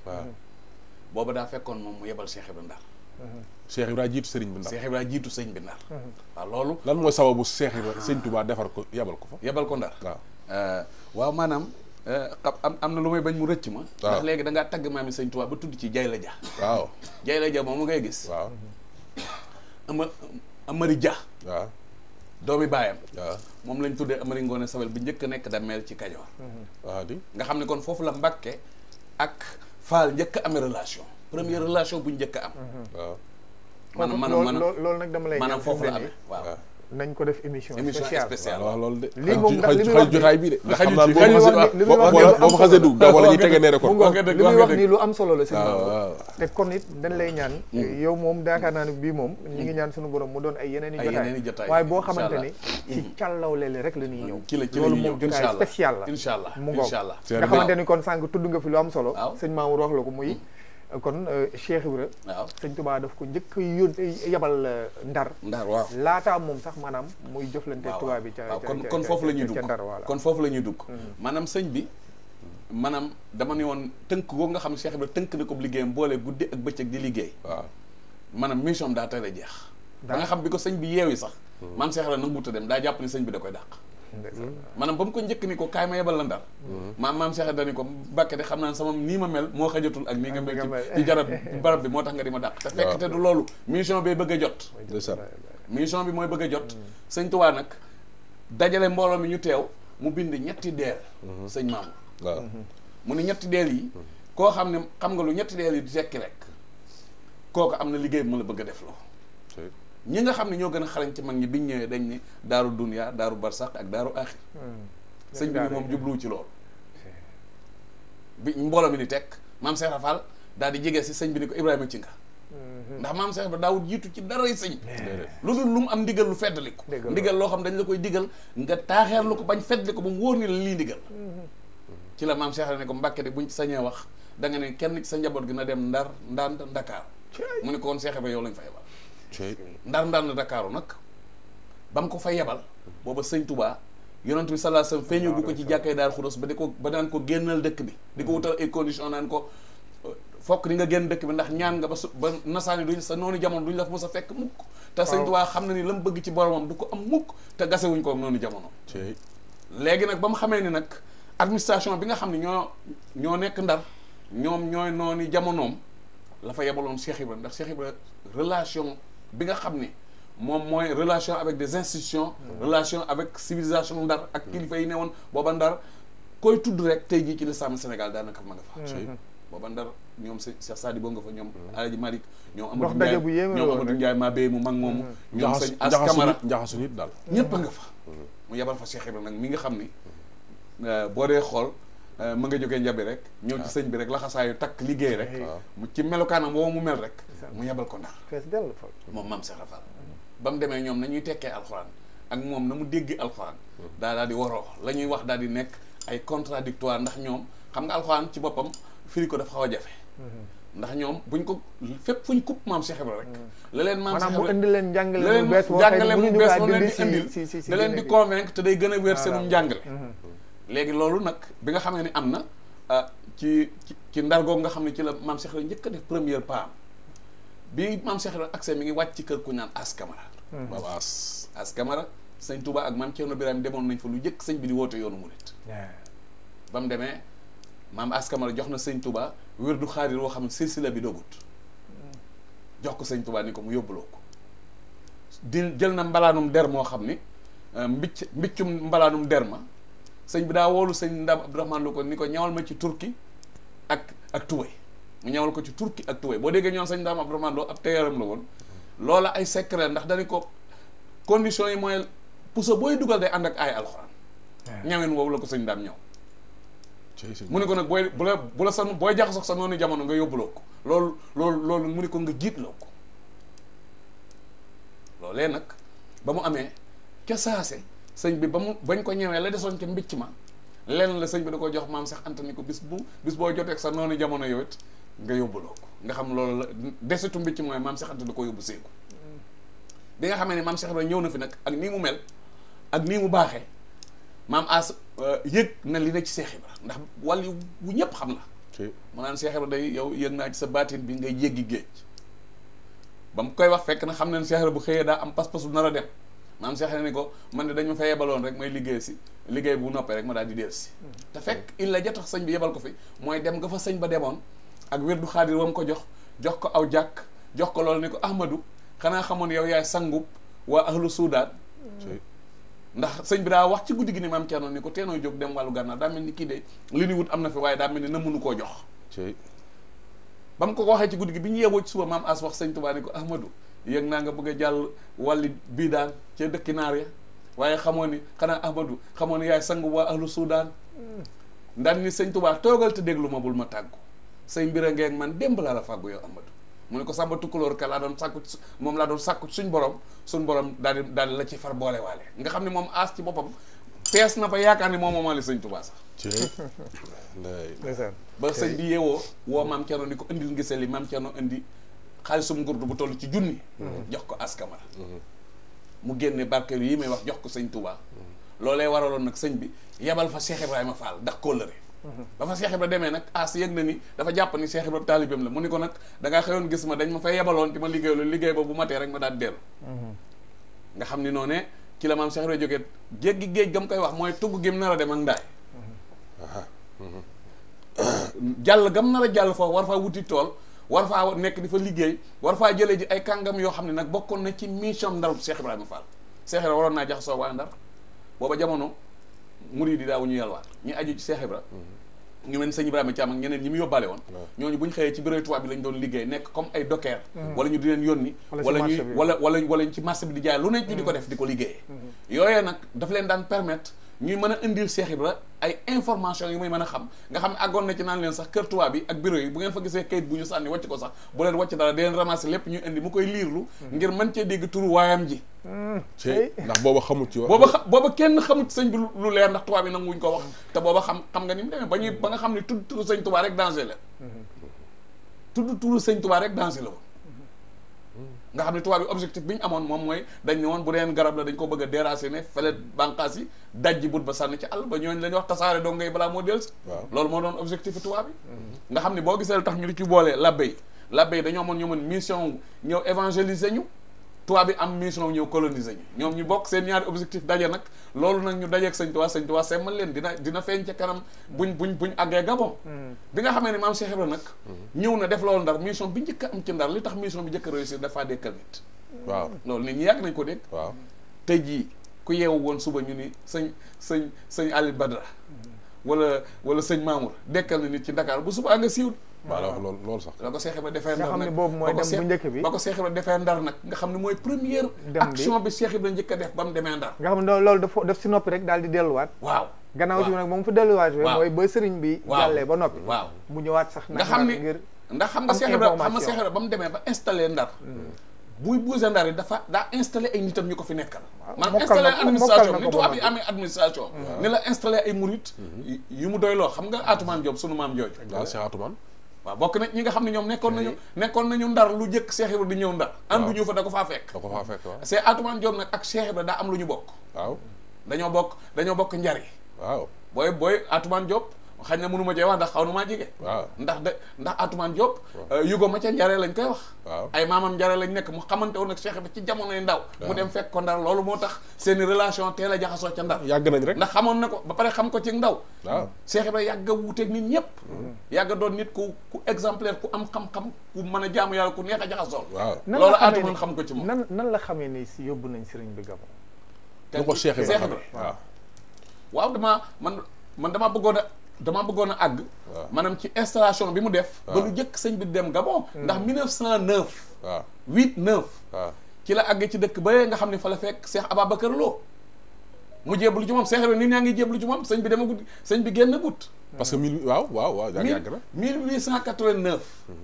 boba da fekkon mom mu yebal Cheikh ibrahim Ndar mhm. Cheikh ibrahim jitu serigne bi Ndar Cheikh ibrahim jitu serigne bi Ndar mhm. waaw loolu lan moy sababu Cheikh ibrahim serigne Touba defar ko yebal ko fa yebal ko Ndar wa eh, wa manam eh, am am na bañ mu recc ma ndax legui da nga tag maami serigne Touba ba tuddi ci jay la ja waaw jay la ja moom ngay gis wa am amari ja wa domi bayam waaw moom lañ tuddé amari ngone sawel bi ñëk a nekk da mel ci kadior wa di nga xamni kon fofu la mbacké ak faal njëkk amee relation première relation bu njëkk am. Mhm. waaw. man maanaam loolu nag dama lay. maanaam foofu la amee waaw. nañ ko def émission spéciale waaw loolu de lii moom ndax li muy wax ma xasee dugg wala ñu tege ne rek li muy nii lu am solo la si te it dañ lay ñaan mm. yow moom daakaar naa ne bii moom mm. ñi ngi ñaan suñu borom mu doon ay yeneen i jotaay waaye boo xamante ni mm. ci càllaw leele rek la ñuy ñëw ci la ci loolu moom jotaay spécial la incha allah mu ngoog nga xamante kon sànq tudd nga fi lu am solo sëñ Mamour wax la ko muy kon euh, Cheikh Ibra waaw sëñ Tuubaa daf ko njëkk yón yabal euh, Ndar Ndar waaw laataa moom sax maanaam muy jëflante Tuubaa bi ca kon kon foofu la ñuy dugg Ndar waaw kon foofu la ñuy dugg maanaam sëñ bi maanaam dama ni woon tënk googu nga xam ne Cheikh tënk na ko liggéeyam boole guddi ak bëccëg di liggéey waaw maanaam mission daa teel jeex ba xam bi ko sëñ bi yeewi sax mm-hmm. maam Cheikh Ibra nanguwut a dem daa jàpp ne sëñ bi da koy dàq maanaam ba mu ko njëkk ni ko kaay ma yebal la ndar mm-hmm. maam maam Cheikh dani ko Mbàkke de xam naa sama nii ma mel moo xajatul ak nii nga mel ci jarab barab bi moo tax nga di ma dàq te fekk te du loolu mission bi bëgg a jot mission bi mooy bëgg jot sëñ Tuubaa nag dajale mbooloo mi ñu teew mu bind ñetti deel mm-hmm. sëñ Maam waaw mu ne ñetti deel yi koo xam ne xam nga lu ñetti deel yi di tekki rek kooku am na liggéey mu la bëgg a def loo ñi nga xamni ne ñoo gën xarañ ci mag ñi biñ ñëwé dañ ni daru dunia daru barsax ak daru akhir. Hmm. sëñ bi moom jublu ci lool hmm. bi mbolo mi ni tek mam Cheikh Rafal daal di jege si sëñ bi ni ko Ibrahima ci nga hmm. ndax mam Cheikh ba daawut jiitu ci yi sëñ lu lu lu am ndigal lu feddali ko ndigal lo xam dañ la koy digal nga taxer lu ko bañ feddali ko ba mu woni ni la lii ndigal ci la mam Cheikh ne ko mbakati buñ ci sañee wax da nga ne kenn ci sa njabot gi na dem ndar ndand dakar mu ne ko on Cheikh ba yow lañ fay wax ndar ndar na Dakaaru nag bam ko fa yebal booba sëñ Touba yonent bi salaa sa feeñoo bu ko ci jàkkay daal xudos ba di ko ba daan ko génnal dëkk bi di ko wutal ay condition naan ko fokk di nga génn dëkk bi ndax ñaan nga ba su ba nasaani duñ sa noonu jamono duñ la fa mos sa fekk mukk te sëñ Touba xam na ni la mu bëgg ci boromam du ko am mukk te gasewuñ ko noonu jamono léegi nag ba mu xamee ni nag administration bi nga xam ne ñoo ñoo nekk ndar ñoom ñooy noonu jamonoom la fa yebaloon Cheikh Ibrahima ndax Cheikh Ibrahima relation bi nga xam mom moy relation avec des institutions mm-hmm. relation avec civilisation ndar ak mm-hmm. kilifa yi ne woon booba ndar koy tudd rek tay gi ci le l'islam Sénégal naka ma nga fa booba ndar ñom Cheikh Sadi bo nga fa ñom mm-hmm. Alaji malik ñom Amadou Ndiaye ñoom Amadou Ndiaye maa bee mu mag mom ñom sëñ As Camara njaxasu nit dal ñepp nga fa mu yabal fa Cheikh Ibrahima nak mi nga xam ni euh, boo dee Eh, ma nga jógee njabi rek ñëw ci ah. sëñ bi rek laxasaayu takk liggéey rek mu ci melukaanam woo mu mel rek mu yebal ko ndar moom maam Cheikh Rafal ba mu demee ñoom nañuy tekkee alxuraan ak mom na mu dégg alxuraan hmm. da daal di woro la ñuy wax da di nek ay contradictoire ndax ñoom xam nga alxuraan ci boppam firi ko dafa xaw a jafe hmm. ndax ñoom buñ ko fep fuñ kupp mam Cheikh Ibra rek hmm. la leen lelen Cheikh lelen mu lelen leen lelen mu lelen moom leen di lelen da leen di convaincre te day gën lelen seenum njàngale léegi loolu nag bi nga xamee ne am na ah, ci ci ndar googu nga xam ne ci la maam Cheikh njëkk a def première pas bi maam Cheikh Ibra accès mi ngi wàcc ci kër ku naan As Camara. boobu hmm. As As Camara sëñ Touba ak maam Thierno Birame demoon nañ fa lu njëkk sëñ bi di woote yoonu murit. ba mu demee maam As Camara jox na sëñ Touba wér du xaarir woo xam ne silsila bi dogut jox ko sëñ tubaa ni ko mu yóbbuloo ko di jël na mbalaanum der moo xam ni ah, mbicc mbiccum mbalaanum der ma. señ bi daa woolu señ ndab abdourahman Lo ko ni ko ñawal ma ci turki ak ak tuwe mu ñawal ko ci turki ak tuwe boo déggee ñoon señ Ndam abdourahman Lo ab teeram la woon loola ay secret ndax dañu ko condition yi mooy puso booy dugal day ànd ak ay alxuraan ah. ñaween woowu la ko señ Ndam ñaw mu ne ko nag boy bu la bu la sa booy sax sa noonu jamono nga yóbbuloo ko loolu loolu loolu mu ne ko nga jiitloo ko loolee nag ba mu amee ca saase sëñ bi ba mu bañ ko ñëwee la desoon ca mbicc ma lenn la sëñ bi da ko jox maam sax antani ko bis bu bis boo jotee sa noonu jamono yow it nga yóbbuloo ko nga xam loolu la desitu mbicc mooy maam sax antani da ko yóbbu seeku bi nga xam ne maam Cheikh Ibrahima ñëw na fi nag ak nii mel ak nii mu baaxee maam As euh, yëg na li ne ci Cheikh Ibra ndax wàll wu ñëpp xam na naan Cheikh Ibra day yow yëg naa ci sa baatin bi ngay jéggi géej ba mu koy wax fekk na xam ne Cheikh Ibra bu xëyee daa am pas-pasu nar a dem maam Cheikh ni ko man de dañ ma fa yebaloon rek may liggéey si liggéey bu noppee rek ma daal di dellu si mm. te fekk il la ja tax sëñ bi yebal ko fi mooy dem nga fa sëñ ba demoon ak wér du xaadir wam ko jox jox ko aw jàkk jox ko loolu ni ko ahmadou xanaa xamoon yow yaay sangub waa ahlu suudaan mm. ndax sëñ bi daa wax ci guddi gi ni maam Thierno ni ko teenoo jóg dem wàllu gànnaar daa mel ni kii de li ñu wut am na fi waaye daa mel ni na mënu ko jox ba mu ko ko waxee ci guddi gi bi ñu yeewoo ci suba maam as wax sëñ Tuubaa ni ko ahmadou yëg naa nga bëgg a jàll wàlli bii daan cee dëkki naar ya waaye xamoo ni xanaa Ahmadou xamoo ni yaay sangu waa ahlu Soudan ndaan ni sëñ Tuubaa toogal te déglu ma bul ma tàggu say mbir a ngeen man démb laa la fàggu yow Ahmadou mu ne ko sàmba tukkulóor ka laa doon sàkku moom laa doon sàkku suñ borom suñ borom daal di daal la ci far boole waale nga xam ne moom aas ci boppam tees na ba yaakaar ni moom moomaale sëñ Tuubaa sax *laughs* ba sëñ bi yeewoo woo maam Cerno ni ko indil ngiseel yi maam Cerno indi xaalisum gurdu bu tollu ci jooni jox ko askama mu genné barkeel yi may wax jox ko seigne Touba lolé waralon nak seigne bi yabal fa Cheikh Ibrahima Fall ko leuré ba fa Cheikh ibrahima démé nak as yëg na ni dafa japp ni Cheikh ibrahima talibem la muniko nak da nga xëyoon gis ma dañ ma fay yabalon ci ma lu liggéey bobu maté rek ma daal del nga xamni noné ci la mam Cheikh ibrahima jógee géej gi gam koy wax moy tugu gi nar a dem ak nday jall gam na la jall fo war fa wuti tol war faa nekk di fa liggéey war faa jëlee ji ay kàngam yoo xam ne nag bokkoon na ci mission ndaru Cheikh Ibrahima Fall Cheikh Ibrahima waroon naa jaxasoo waa Ndar booba jamono murid yi daawu ñu yalwaat ñu aju ci Cheikh Ibra mhm. ñu mel sëñ Ibrahima Thiam ak ñeneen ñi mu yóbbaale woon ñooñu bu ñu xëyee ci bureau tubaab bi lañ doon liggéey nekk comme ay docker mhm. wala ñu di leen yónni wala ñuy wala wala wala ñu ci marché bi di jaay lu nekk ñu di ko mhm. def di ko liggéeyee yooyee nag daf leen daan permettre ñuy mën a indil Cheikh Ibra ay information yu muy mën a xam nga xam ne àggoon na ci naan leen sax kër tubaab bi ak bureau yi bu ngeen fa gisee kayit bu ñu sànni wàcc ko sax bu leen wàcc dara di leen ramasser lépp ñuy indi mu koy liirlu ngir mën cee dégg turu waayam ji hmm. ci ndax booba xamut ci booba xam booba kenn xamut sëñ bi lu leer ndax tubaab bi nanguwuñ ko wax te booba xam xam nga ni mu demee ba ñuy ba nga xam ne tudd turu sëñ tubaab rek danger la hmm. tudd turu sëñ tubaab rek danger la woon nga xam ne tubaab bi objectif bi ñu amoon moom mooy dañ ne woon bu deen garab la dañ ko bëgg a déraciner fële bànqaas yi dajji but ba sànni ci àll ba ñoo la ñuy wax tasaare dong ngay balaa moo dellusi loolu moo doon objectif tubaab bi mm-hmm. nga xam ne boo gisee tax ñu li ci boolee labbe yi labbe yi dañoo amoon ñoo mën mission ñëw évangéliser ñu tubaab bi am mission ñëw coloniser ñu ñoom ñu bokk seen ñaari objectif daje nag loolu nag ñu dajeeg sëñ Tuubaa sëñ Tuubaa semmal leen dina dina feeñ ca kanam buñ buñ buñ àggee Gabon hmm. bi nga xamee ne maam Cheikh Ibra nag hmm. ñëw na def loolu ndar mission bi njëkk am ci ndar li tax mission bi njëkk a réussir dafa dekkal nit hmm. waaw loolu nit ñi yàgg nañ ko dégg waaw tey jii ku yeewu woon suba ñu ni sëñ sëñ sëñ Ali Badra wala wala sëñ Mamour dekkal na nit ci Dakar bu suba nga siiw maa la wax loolu loolu sax. ba ko Cheikh defee ndar nag nga xam ne boobu mooy dem bu njëkk ba defee ndar nag nga xam ne mooy première. action bi Cheikh Ibra njëkk a def ba mu demee ndar. nga xam ne loolu dafa daf si noppi rek daal di delluwaat. waaw gannaaw si nag ba mu fa delluwaat. ba noppi. waaw mu ñëwaat sax. nga xam ne ngir ndax xam nga Cheikh Ibra xam nga ba mu demee ba installé ndar. Hmm. buy buuse ndar yi dafa daa installé ay nitam ñu ko fi nekk man installé administration nitu amee administration hmm. ne la installé ay murit hmm. yu mu doy loo xam nga Atoumane Diop sunu maam jooju waaw c'est Atoumane waaw bokk na ñi nga xam ne ñoom nekkoon nañu nekkoon nañu ndar lu jëkk Cheikh Ibra di ñëw ndar ànduñu fa da ko faa fekk da ko faa fekk nag ak Cheikh Ibra daa am lu ñu bokk waaw dañoo bokk dañoo bokk njari waaw booy booy Atoumane Diop xañ na mënu ma cee wax ndax xaw na maa jege. waaw euh, yugo ma ca njare lañ koy wax. ay maamam njare lañ nekk mu xamante woon ak Cheikh bi ci jamonoy ndaw. mu dem fekk ko ndar loolu moo tax seen relation teel a jaxasoo ca ndar. yàgg nañ rek ndax xamoon na ba pare xam ko ci ndaw. waaw Cheikh Ibrahima yàgg a wuuteeg nit ñëpp. Mm-hmm. yàgg doon nit ku ku exemplaire ku am xam-xam ku mën a jaamu yàlla ku neex a jaxasoo. waaw loolu Atoumane xam ko ci moom nan nan la xamee ni yóbbu nañ si bi Gabon. a ko Cheikh Ibrahima waaw waaw dama man man dama a dama bëggoon a àgg. maanaam ci installation bi mu def. ba lu jëkk sëñ bi dem Gabon. Hmm. ndax 1909. waaw 8 9. ci la àgg ci dëkk ba nga xam ne fa la fekk Cheikh Ababacar Lo. mu jébbalu ci moom Cheikh Ibrahima ñaa ngi jébbalu ci moom sëñ bi demagut sëñ bi génn gut. Hmm. parce que mille waaw waaw waaw yàgg na. 1889. Hmm.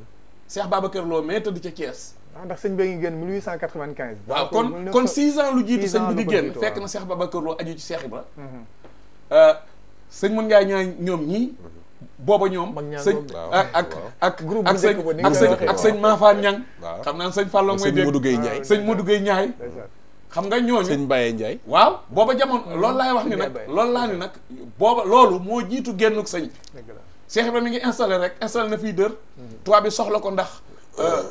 Cheikh Ababacar Lo mais tëdd ca Thiès. ah ndax sëñ bi ngi génn 1895. waaw kon kon 6 ans lu jiitu sëñ bi di génn fekk na Cheikh Ababacar Lo aju ci Cheikh Ibrahima. Euh, sëñ mën ngaa ñaan ñoom ñii booba ñoom sëñ ak ak ak ak sëñ ak sëñ ak sëñ Maafaan Ñang xam naa sëñ Fallou mooy dégg sëñ Modou Gueye Ñaay xam nga ñooñu sëñ Baye Ndiaye waaw booba jamono mm-hmm. loolu laay wax ni nag loolu laa ni nag booba loolu moo jiitu génnuk sëñ bi Cheikh ba mi ngi installé rek installé na fii dër mm-hmm. tubaab bi soxla ko ndax euh,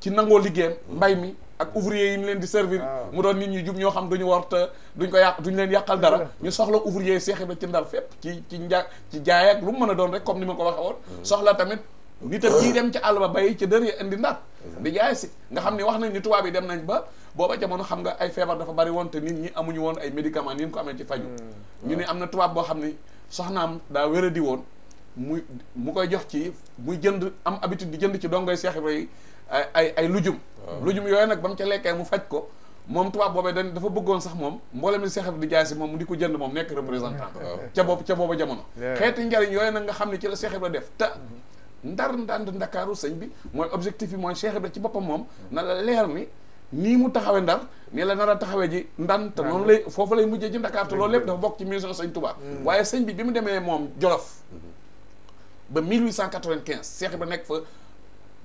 ci nangoo liggéeyam mm-hmm. mbay mi ak ouvrier yi ñu leen di servir ah. mu doon nit ñu jub ñoo xam duñu warta duñ ko yàq duñ leen yàqal dara ñu soxla ouvrier Seex Ibra ci Ndar fépp ci ci nja ci jaay ak lu mu mën a doon rek comme ni ma ko waxee woon hmm. soxla tamit nitam ñiy dem ca àll ba bay ca dër indi Ndar di si nga xam ne wax nañ ni tubaab yi dem nañ ba booba jamono xam nga ay feebar dafa bari woon te nit ñi amuñu woon ay médicament ni ñu ko amee ci faju hmm. ñu ne ah. am na tubaab boo xam ne soxnaam daa wéradi woon muy mu koy jox ci muy jënd am habitude di jënd ci dongoy Seex Ibra yi ay ay ay lujum lujum yooyu nag ba mu ca lekkee mu faj ko moom tubaab boobee dañ dafa bëggoon sax moom mboolem mi seexab di jaay si moom di ko jënd moom nekk représentant ca boobu ca booba jamono xeeti njariñ yooyu nag nga xam ne ci la seexab la def te ndar ndand ndakaaru sëñ bi mooy objectif yi mooy seexab la ci boppam moom na la leer ni nii mu taxawee ndar nii la nar a taxawee ji ndan te noonu lay foofu lay mujjee ci ndakaar te loolu lépp dafa bokk ci mission sëñ Tuubaa mm. waaye sëñ bi bi mu demee moom Jolof ba 1895 seexab la nekk fa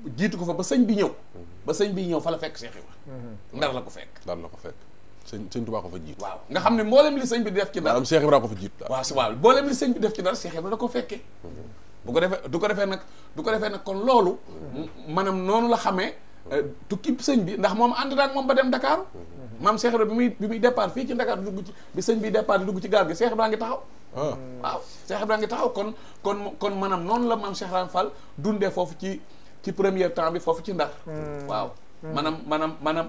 jiitu ko fa ba sëñ bi ñëw ba sëñ bi ñëw fa la fekk Cheikh Ibrahima mhm. ndar la ko fekk ndar la ko fekk sëñ sëñ Tuubaa ko fa jiitu waaw nga xam ne mboolem li sëñ bi def ci ndar maanaam Cheikh Ibrahima ko fa jiitu waaw si waaw mboolem li sëñ bi def ci ndar Cheikh Ibrahima mhm. ko defee du ko defee nag du ko defee nag kon loolu mhm. maanaam noonu la xamee euh, tukki sëñ bi ndax moom ànd naag moom ba dem Dakar maam Cheikh Ibrahima muy bi muy départ fii ci Dakar dugg ci bi sëñ bi départ dugg ci gaal gi Cheikh ngi taxaw ah. waaw Cheikh Ibrahima ngi taxaw kon kon kon maanaam noonu la maam Cheikh Ibrahima Fall dundee foofu ci ci premier temps bi fofu ci ndax hmm. waaw hmm. manam manam manam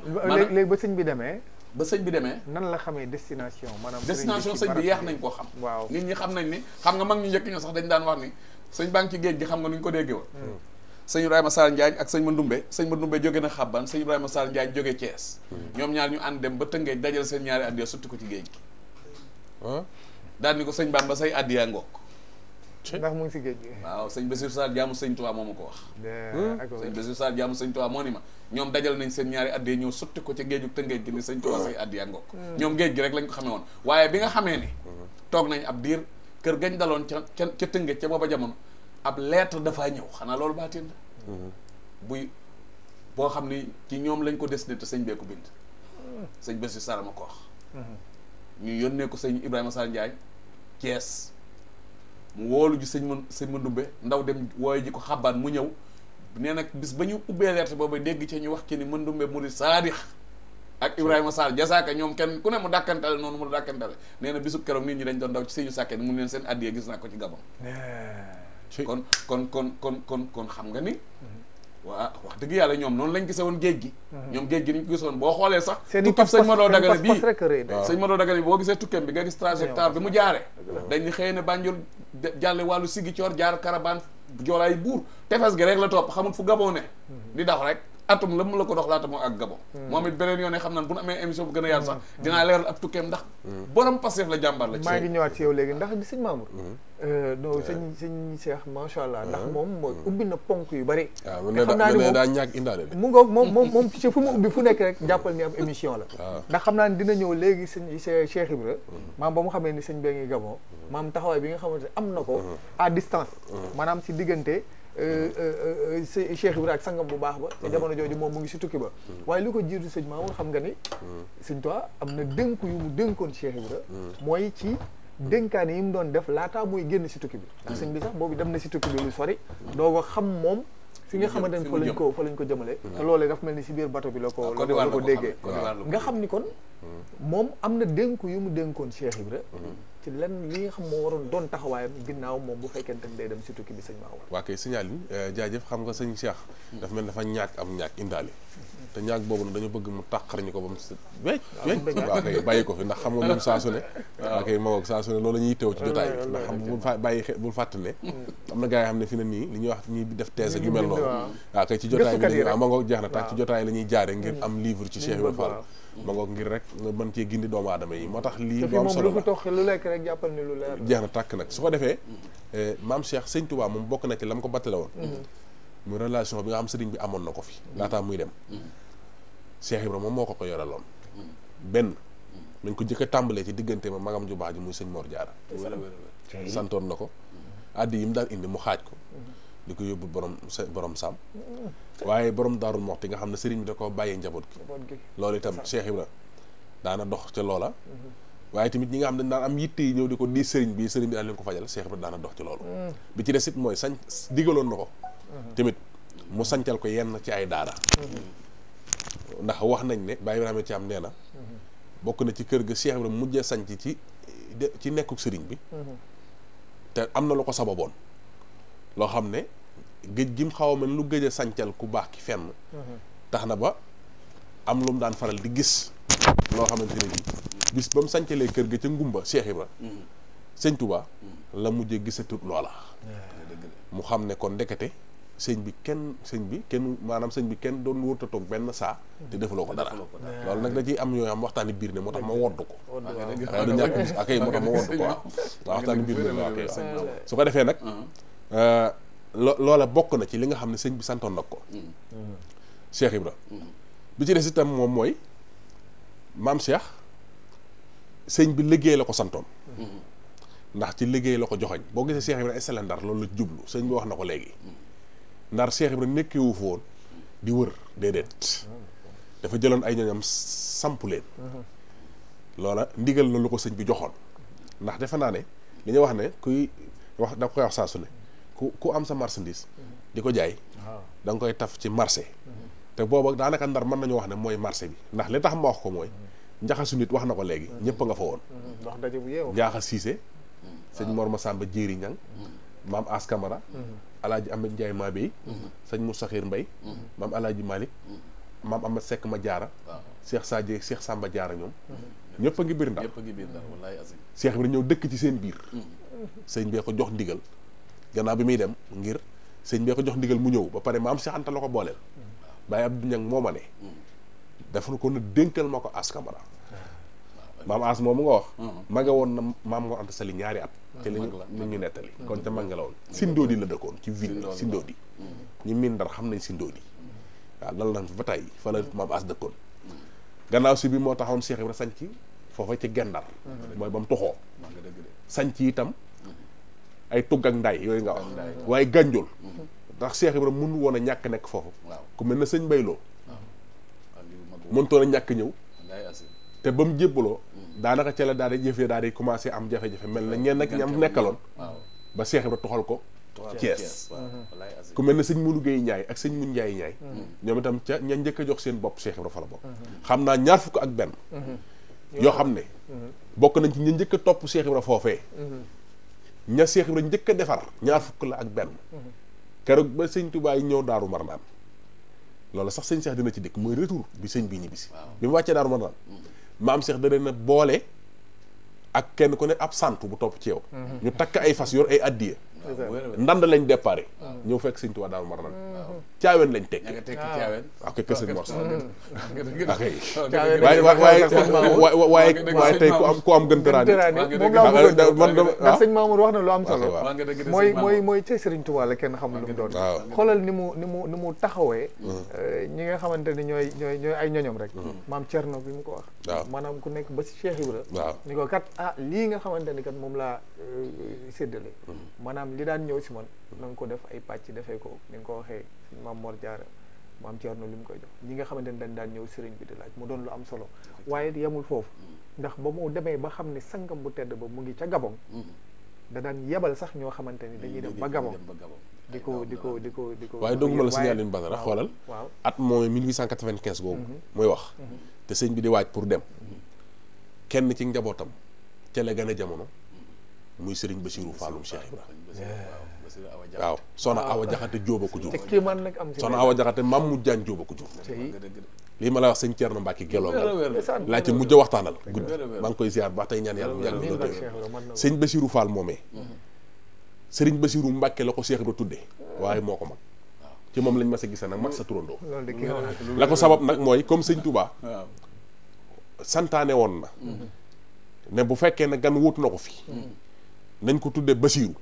leg ba señ bi démé ba señ bi démé nan la xamé destination manam destination señ bi yeex nañ ko xam nit ñi xam nañ ni xam nga mag ñu njëkk ñu sax dañ daan wax ni señ baa ci geej gi xam nga nu ñu ko déggé wa hmm. señ Ibrahima sall Njaañ ak señ Mandumbe señ Mandumbe jóge na Xabban señ Ibrahima sall Njaañ jóge Thiès ñom ñaar ñu and dem ba teungé dajal seen ñaari addiya sutti ko ci geej gi daan ni ko señ Bamba say addiya ngok ndax mu ngi si géej gi. waaw sëñ Bésir Sarr jaamu sëñ Tuubaa moo ma ko wax. d'accord hmm? sëñ Bésir Sarr jaamu sëñ Tuubaa moo ni ma. ñoom dajal nañ seen ñaari addee ñëw sotti ko ca géeju Tëngéej gi ni sëñ Tuubaa say addi yaa ngokk hmm. ñoom géej gi rek lañ ko xamee woon waaye bi nga xamee ni. Hmm. toog nañ ab diir kër gañ daloon ca ca ca Tëngéej ca booba jamono ab lettre dafaa ñëw xanaa loolu baatin la. buy xam ni ci ñoom lañ ko destiné te sëñ bee ko sëñ Bésir Sarr ma ko wax. ñu yónnee ko sëñ Ibrahima Sarr Ndiaye Thiès mu woolu ji sëñ mën sëñ Mandumbe ndaw dem wooye ji ko xabaan mu ñëw nee nag bis ba ñu ubbee leerte booba dégg ci ñu wax ci ni Mandumbe mu di saadix ak Ibrahima Sall jasaaka ñoom kenn ku ne mu dàkkantale noonu mu dàkkantale nee na bisu keroog nit ñi dañ doon daw ci sëñu sàkkee ni mu leen seen addiyee gis naa ko ci gabam kon kon kon kon kon kon xam nga ni mm-hmm. waa wax dëgg yàlla ñoom noonu lañ gise woon géej gi mhm. ñoom géej gi niñ ko gisoon boo xoolee sax tukkib sëñ Madou Dagana bi sëñ Madou Dagana bi boo gisee tukkeem bi nga gis trajectoire bi mu jaare dañ xëy na Banjul jàlle wàllu Ziguinchor jaar Carabane Joolay buur tefes gi rek la topp xamul fu Gabon ne mhm. di daw rek atum la mu la ko dox laata moo ak Gabon hmm. moom it beneen yoon ne xam naan bu nu amee émission bu gën a yaatu sax hmm. dinaa leeral ab tukkeem ndax hmm. borom Pastef maa ngi ñëwaat ci yow léegi ndax di sëñ Mamour euh, non sëñ sëñ macha allah ndax moom mooy ubbi na ponk yu bëri ah, xam naa ne daa ñàkk indaale moom moom moom ci fu mu ubbi fu nekk rek jàppal ni am émission la ah. ndax xam naa ne dina ñëw léegi sëñ Cheikh Ibra maam ba mu xamee ni sëñ bee ngi Gabon maam taxawaay bi nga xamante am na ko à distance maanaam si diggante Euh, euh, euh, si Cheikh Ibrahima ak sangam bu baax ba jamono jooju moom mu ngi si tukki ba mm. waaye lu ko jiitu sëñ Mamour xam nga ni mm. sëñ Tuubaa am na dënku yu mu dënkoon Cheikh Ibrahima mm. mooy ci dénkaane yi mu doon def laataa muy génn si tukki bi ndax sëñ bi sax boobu dem na si tukki bi lu sori doo ko xam moom fi nga xamante ni fa lañ ko fa lañ ko jëmale te loolee dafa mel ni si biir bato bi la ko ah, la ko déggee nga xam ni kon moom am na dénku yu mu dénkoon Cheikh rek ci lan li nga xam moo waroon doon taxawaayam ginnaaw moom bu fekkente ne day dem si tukki bi sëñ Maodo. waa kay signal yi euh, jaajëf xam nga sëñ Cheikh. daf mel dafa ñaak am ñaak indaale. te ñaak boobu nag dañu bëgg mu tàqar ñu ko ba mu si. wécc waa kay ko fi ndax xam nga moom saa su ne. waa la ñuy teew ci jotaay bi ndax xam nga bul fa mm. am na gars yi li ñuy wax def thèse ak mel mm. noonu. waa ci jotaay bi jeex na tax ci la ñuy jaare ngir mm. am livre ci Cheikh Ibrahima Fall ba ngoog ngir rek nga mën cee gindi doomu aadama yi moo tax lii lu am solo la toog lu lekk rek jàppal ni lu leer jeex na tàkk nag su ko defee eh, maam Cheikh sëñ Touba moom bokk na ci la mu ko battale woon mm-hmm. muy relation bi nga xam sëriñ bi amoon na ko fi mm-hmm. laataa muy dem mm-hmm. Cheikh Ibrahima moom moo ko ko yoraloon benn nañ ko jëkk a tàmbalee ci diggante ma magam ju ji muy sëñ Mor Diarra santoon na ko addi yi mu daan indi mu xaaj ko di ko yóbbu borom borom saam waaye borom daarul moxti nga xam ne sëriñ bi da koo bàyyee njaboot gi loolu itam Cheikh na daana dox ca loola mhm. waaye tamit ñi nga xam ne daan am yitte yi ñëw di ko di sëriñ bi sëriñ bi daan ko fajal Cheikh daana dox ci loolu mhm. ci des it mooy sañ digaloon na ko mhm. tamit mu sancal ko yenn ci ay daara wax nañ ne Baye Ibrahima ci am nee na bokk na ci kër ga Cheikh Ibra mujjee sanc ci ci nekkuk sëriñ bi te na lu ko sababoon loo xam ne géej gim xaw a mel lu gëj a sancal ku baax ki fenn mhm. tax na ba am lu mu daan faral di gis loo xamante ne bi bis ba mu sancalee kër ga ca ngumba Cheikh Ibra mhm. sëñ Touba mhm. la mujjee gisatut loola mu xam ne kon ndekete sëñ bi kenn sëñ bi kenn maanaam sëñ bi kenn doon wërta toog benn saa te defaloo ko dara loolu nag da ciy am yooyu am waxtaani biir ne moo tax ma wodd ko da ah, ñàkk bis akay moo tax ma wodd ko waaw waxtaani biir ne waaw su ko defee nag Euh, lo loola bokk na ci li nga xam ne sëñ bi santoon nag ko mm-hmm. Cheikh Ibra mm-hmm. bi ci des itam moom mooy maam Cheikh sëñ bi liggéey la ko santoon mm-hmm. ndax ci liggéey la ko joxoñ boo gisee Cheikh ay sele ndar loolu la jublu sëñ bi wax na ko léegi ndar Cheikh Ibra nekkewu foon di wër déedéet dafa jëloon ay ñoñam samp leen loola ndigal la lu ko sëñ bi joxoon ndax defe naa ne li ñu wax ne kuy wax da koy wax saa su ne ku ku am sa marchandise mhm. diko ko jaay ah. da koy taf ci marché mhm. te booba danaka ndar man nañu wax ne moy marché bi ndax li tax ma wax ko moy mhm. njaxasu nit wax nako ko ñepp nga fa won wax dajé bu yew jaaxa siise sëñ ah. Mor Masamba Jéeri Ñang mam As Camara alaaji Ahmed Ndiaye maa bi sëñ Moussa Xir Mbay mam alaaji malik mam Ahmed sek ma jaara ah. Cheikh Sadie Cheikh Samba jaara ñom ñepp nga bir ndax ñepp nga bir ndax wallahi azim Cheikh bi ñew dekk ci seen bir sëñ bee ko jox ndigal gannaaw bi muy dem ngir sëñ bee ko jox ndigal mu ñëw ba pare maam Cheikh Anta la ko booleel Baye Abdou Niang moo ma ne dafa ko na dénkal ma ko as Camara maam as moomu nga wax mm-hmm. ma woon na maam Mor Anta Sali ñaari at ah, te li ñu nettali mm-hmm. kon te mag nga la woon mm-hmm. Sindoodi dëkkoon ci ville Sindoodi ñu miin Ndar xam nañ Sindoodi waaw lal nañ fa ba tey fa la maam as dëkkoon gannaaw si bi moo taxoon Cheikh Ibra sanc foofa ci Gendar mooy ba mu toxoo sanc itam ay tugg ak ndaay yooyu nga wax waaye gànjul ndax Cheikh Ibrahima mënu woon a ñàkk nekk foofu ku mel na sëñ Bayloo mënutoon a ñëw te ba mu jébbaloo mm. daanaka ca daal di jëfee daal di commencé am jafe mel na ñenn ak ñam nekkaloon ba Cheikh Ibrahima toxal ko Thiès mm-hmm. ku mel ne sëñ mun Guèye Ndiaye ak sëñ Moulou Ndiaye Ndiaye mm. ñoom itam ca ña njëkk a jox seen bopp Cheikh Ibrahima fa la bokk mm-hmm. xam naa ñaar fukk ak benn mm-hmm. yoo xam ne bokk nañ ci ña njëkk a topp Cheikh Ibrahima foofee ña Seex Ibra njëkk a defar ñaar fukk la ak benn keroog ba sëñ Tuubaa ñëw daaru marnaan loolu sax sëñ Seex dina ci dëkk mooy retour bi sëñ bi ñibbisi bi mu wàccee daaru marnaan maam Seex dana na boole ak kenn ku ne ab sant bu topp ci yow. Mm-hmm. ñu takk ay fas yor ay addiya ndand lañ déparé ñëw fekk sëñ Tuubaa daal mar naan caaween lañ tekki wae wae wae wae way way way way tay ku am ku am gën dara moom laa ah. Mamour wax na lu am solo moy moy moy cay sëriñ Tuubaa la kenn xam lu mu doon xolal ni mu ni mu ni mu taxawé mm. eh, ñi nga xamanteni ñoy ñoy ñoy ay ñoñom rek mam mm. Cerno bi mu ko wax manam ku nekk ba ci Cheikh Ibra ni ko kat ah li nga xamanteni kat mom la eh, sédélé mm. manam li daan ñëw si man na ko def ay pàcc defee ko ni nga ko waxee suñu maam Mor Diarra maam Thierno li mu koy jox ñi nga xamante ne dañ daan ñëw sëriñ bi di laaj mu doon lu am solo waaye yemul foofu mm. ndax ba mu demee ba xam ne sangam bu tedd ba mu ngi ca Gabon mm. da daan yebal sax ñoo xamante ni dañuy dem ba Gabon di ko di ko di ko di ko waaye dogguma la sëñ Alioune Badara xoolal waaw at mooy 1895 boobu mhm. mooy wax mhm. te sëñ bi di waaj pour dem mhm. kenn ci njabootam ca la gën a jamono muy Serigne Bassirou Falloum Cheikh Ibrahima waaw soxna Awa Jaxate Jóob a ko jur soxna Awa Jaxate Mamu mu Jóob a ko jur lii ma la wax sëñ Thierno Mbacke Gello ngal laa ci mujj waxtaanal guddi maa ngi koy ziar baax tey ñaan yàlla mu yàgg loolu sëñ Bassirou Fall moomee Serigne Bassirou Mbacke la ko Cheikh Ibrahima tudde waaye moo ko mag ci moom lañ ma sa gisa nag mat sa turandoo la ko sabab nag mooy comme sëñ Touba santaane woon na mm-hmm. ne bu fekkee ne gan wut na ko fii mm-hmm. nañ ko tuddé Basiiru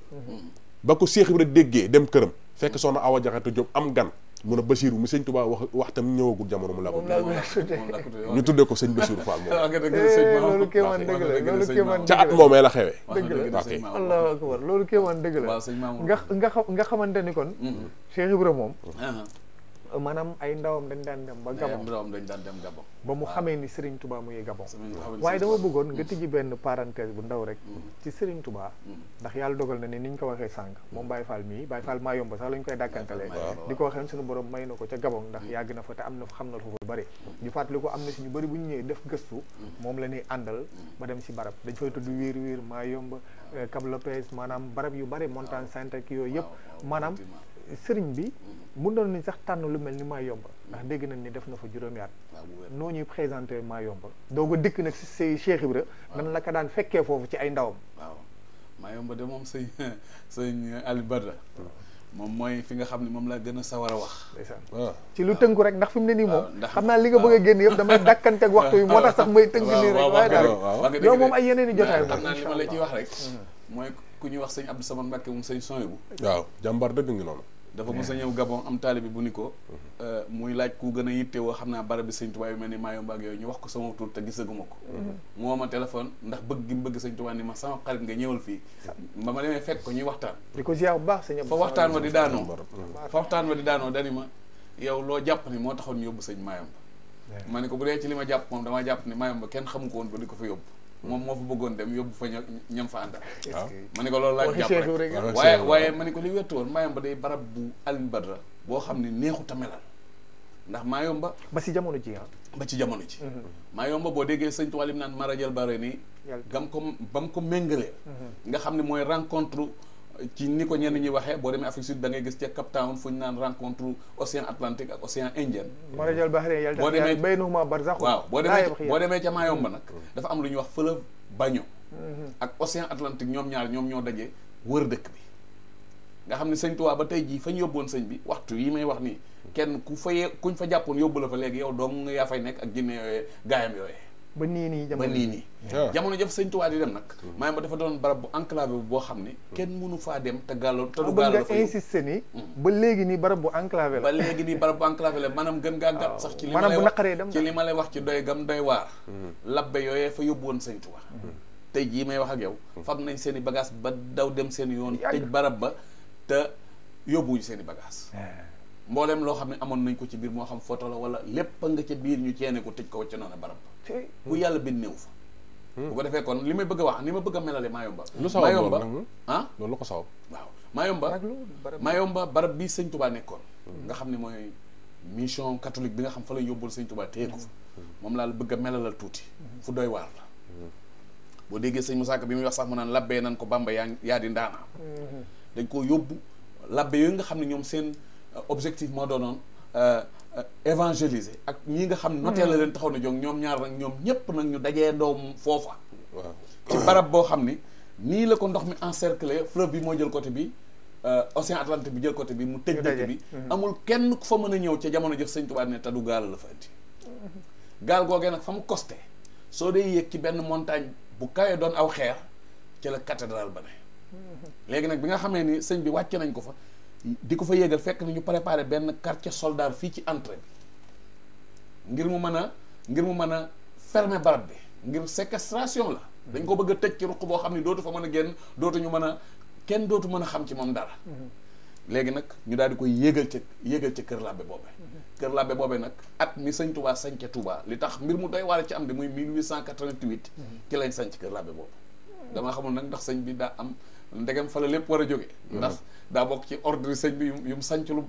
ba ko cheikh Ibra déggé dem kërëm fekk soxna Awa jaxatu job am gan mu na Basiiru mu seigne touba wax wax tam ñëwagul jamono mu la ko ñu tuddé ko sëñ Basiiru Faal moom *laughs* eh, loolu kéemaan dëgg la loolu kéemaan ca at momé la xewé dëgg allahu akbar loolu kéemaan dëgg la nga nga xamante ni kon cheikh mm-hmm. Ibra mom uh-huh. maanaam ay ndawam dañ daan dem ba Gabon dañ daan dem Gabon ba mu xamee ni Serigne Touba mu ngi Gabon waaye dama bëggoon nga mm. tijji benn parenthèse bu ndaw rek mm. ci Serigne Touba mm. ndax yàlla dogal na ni ni ñu ko waxee sànq moom Baye faal mii Baye Fall maa yomb sax la ñu koy dàkkantalee di ko waxee suñu borom may na ko ca Gabon ndax yàgg na fa te am na xam na fa fu bëri di fàttali ko am na si ñu bëri bu ñu ñëwee def gëstu moom la ñuy àndal ba dem si barab dañ fay tudd wiir wiir maa yomb Cap Lopez maanaam barab yu bëri montagne sainte ak yooyu yëpp maanaam sëriñ bi mun nañu ni sax tànn lu mel ni maa yomba ndax dégg na ni def na fa juróom at ah, noo ñuy présenté maa yomba doog a dikk nag si Cheikh rek ah. nan la ko daan fekkee foofu ci ay ndawam waaw maa yomba de moom sëñ *laughs* sëñ Ali Badra mooy fi nga xam ne moom laa gën a sawar a wax ah. ci lu tënku rek ndax fi mu ne nii moom xam naa li nga bëgg a génn yëpp damay dàkkante ak waxtu yi moo tax sax may tënk nii rek waaye daal yow moom ay yeneen i jotaay xam naa li wax rek mooy ku ñuy wax sëñ Abdou Samane Mbacke moom sëñ Soyebu waaw jàmbar dëgg ngi noonu dafa mos a ñëw Gabon am taalibe bu ni ko euh, muy laaj ku gën a yittewoo xam naa barab bi sëñ Tuubaa yu mel ni Mayumba ak yooyu ñu wax ko sama tur te gisaguma ko mhm. moo ma téléphone ndax bëgg gi mu bëgg sëñ Tuubaa ni ma sama xarit nga ñëwal fii ba ma demee fekk ko ñuy waxtaan di ko ziar bu baax sëñ fa waxtaan wa di daanoo fa waxtaan wa di daanoo dani ma yow loo jàpp ni moo taxoon yóbbu sëñ Mayumba ma ne ko bu dee ci li ma jàpp moom damaa jàpp ni Mayumba kenn xamu ko woon ba di ko fa yóbbu moom moo fa bëggoon dem yóbbu fa ñam fa àndal. waaw ah. ma ne ko loolu laa jàpp rek waaye waaye ma ne ko li wettu woon Mayumba day barab bu Alioune Badara boo xam ne neexu la ndax maa Mayumba. Ah. ba ci jamono ji ba ci jamono ji. Mayumba boo déggee sëñ Tuwalim naan Maradiel Bare nii. gam ko ba mu ko méngalee. Mm-hmm. nga xam ne mooy rencontre. ci ni ko ñenn ñi waxee boo demee Afrique Sud da ngay gis ca Cape Town fu ñu naan rencontre océan Atlantique ak océan Indien. marajal bahrain yàlla boo demee baynuhuma barzakhun waaw boo demee boo demee ca Mayomba nag. Mm-hmm. dafa am lu ñuy wax fleuve Bagno. Mm-hmm. ak océan Atlantique ñoom ñaar ñoom ñoo dajee wër dëkk bi. nga xam ne sëñ Tuubaa ba tey jii fa ñu yóbboon sëñ bi waxtu yi may wax nii kenn ku fayee kuñ fa jàppoon yóbbu la fa léegi yow dong yaa fay nekk ak jinne yooyee gaayam yooyee. ba nii nii jamono ba nii nii jamono jëf sëñ Tuubaa di nag maanaam dafa doon barab bu enclavé bu boo xam ne mm. kenn mënu faa dem te gàllo te du gàllo dafa insisté ni mm. ba léegi nii barab bu enclavé ba léegi nii barab bu enclavé la maanaam gën ngaa gàtt ci li ma lay wax ci li ma wax ci doy gam doy waar mm. labbe fa yóbbu woon sëñ Tuubaa tey jii may wax ak yow fab nañ seeni i bagage ba daw dem seen yoon tëj barab ba te yóbbuwuñ seen i bagage mbooleem loo xam ne amoon nañ ko ci biir moo xam photo la wala lépp nga ca biir ñu ceene ko te ko wacca noonu barab bu yàlla bind néew fa bu ko defee kon li may bëgg wax ni ma bëgg a melale Mayomba Mayomba ah loolu lu ko sawab waaw Mayomba Mayomba barab bi sëñ Touba nekkoon nga xam ne mooy mission catholique bi nga xam fa la yóbbul sëñ Touba téye ko fa moom laa la bëgg a melalal tuuti fu doy waar la boo déggee sëñ Moussa Ka bi muy wax sax mu naan labbee nan ko Bamba yaa yaa di ndaanaa mm-hmm. dañ koo yóbbu labbe yooyu nga xam ne ñoom seen objectif moo doonoon euh, évangéliser ak ñi nga xam notee la leen taxaw na jóg ñoom ñaar nag ñoom ñëpp nag ñu dajee doom foofa ci barab boo xam ni nii la ko ndox mi encercler fleuve bi moo jël côté bi euh, océan Atlantique bi jël côté bi mu tëj dëkk bi mhm. amul kenn ku fa mën a ñëw ca jamono jëf sëñ Tuubaa ne tadu gaal la fa indi mhm. gaal googee nag fa mu costé soo dee yéeg ci benn montagne bu kawee doon aw xeer ci la cathédrale ba ne mhm. léegi nag bi nga xamee ni sëñ bi wàcce nañ ko fa di ko fa yéegal fekk na ñu préparé benn quartier soldat fii ci entrée bi ngir mu mën a ngir mu mën a fermer barab bi ngir séquestration la dañ ko bëgg a tëj ci ruq boo xam ne dootu fa mën a génn dootu ñu mën a kenn dootu mën a xam ci moom dara mm-hmm. léegi nag ñu daal di koy yégal ca yéegal ca kër labbe boobe kër labbe boobe nag at mi sëñ Touba sañ ca Touba li tax mbir mu doy waar ci am di muy 1888 mm-hmm. ci lañ sañ ci kër labbe boobu mm-hmm. damaa xamul nag ndax sëñ bi daa am ndegem fa lépp war a jóge daa bokk ci ordre sëñ bi yu mu sanc lu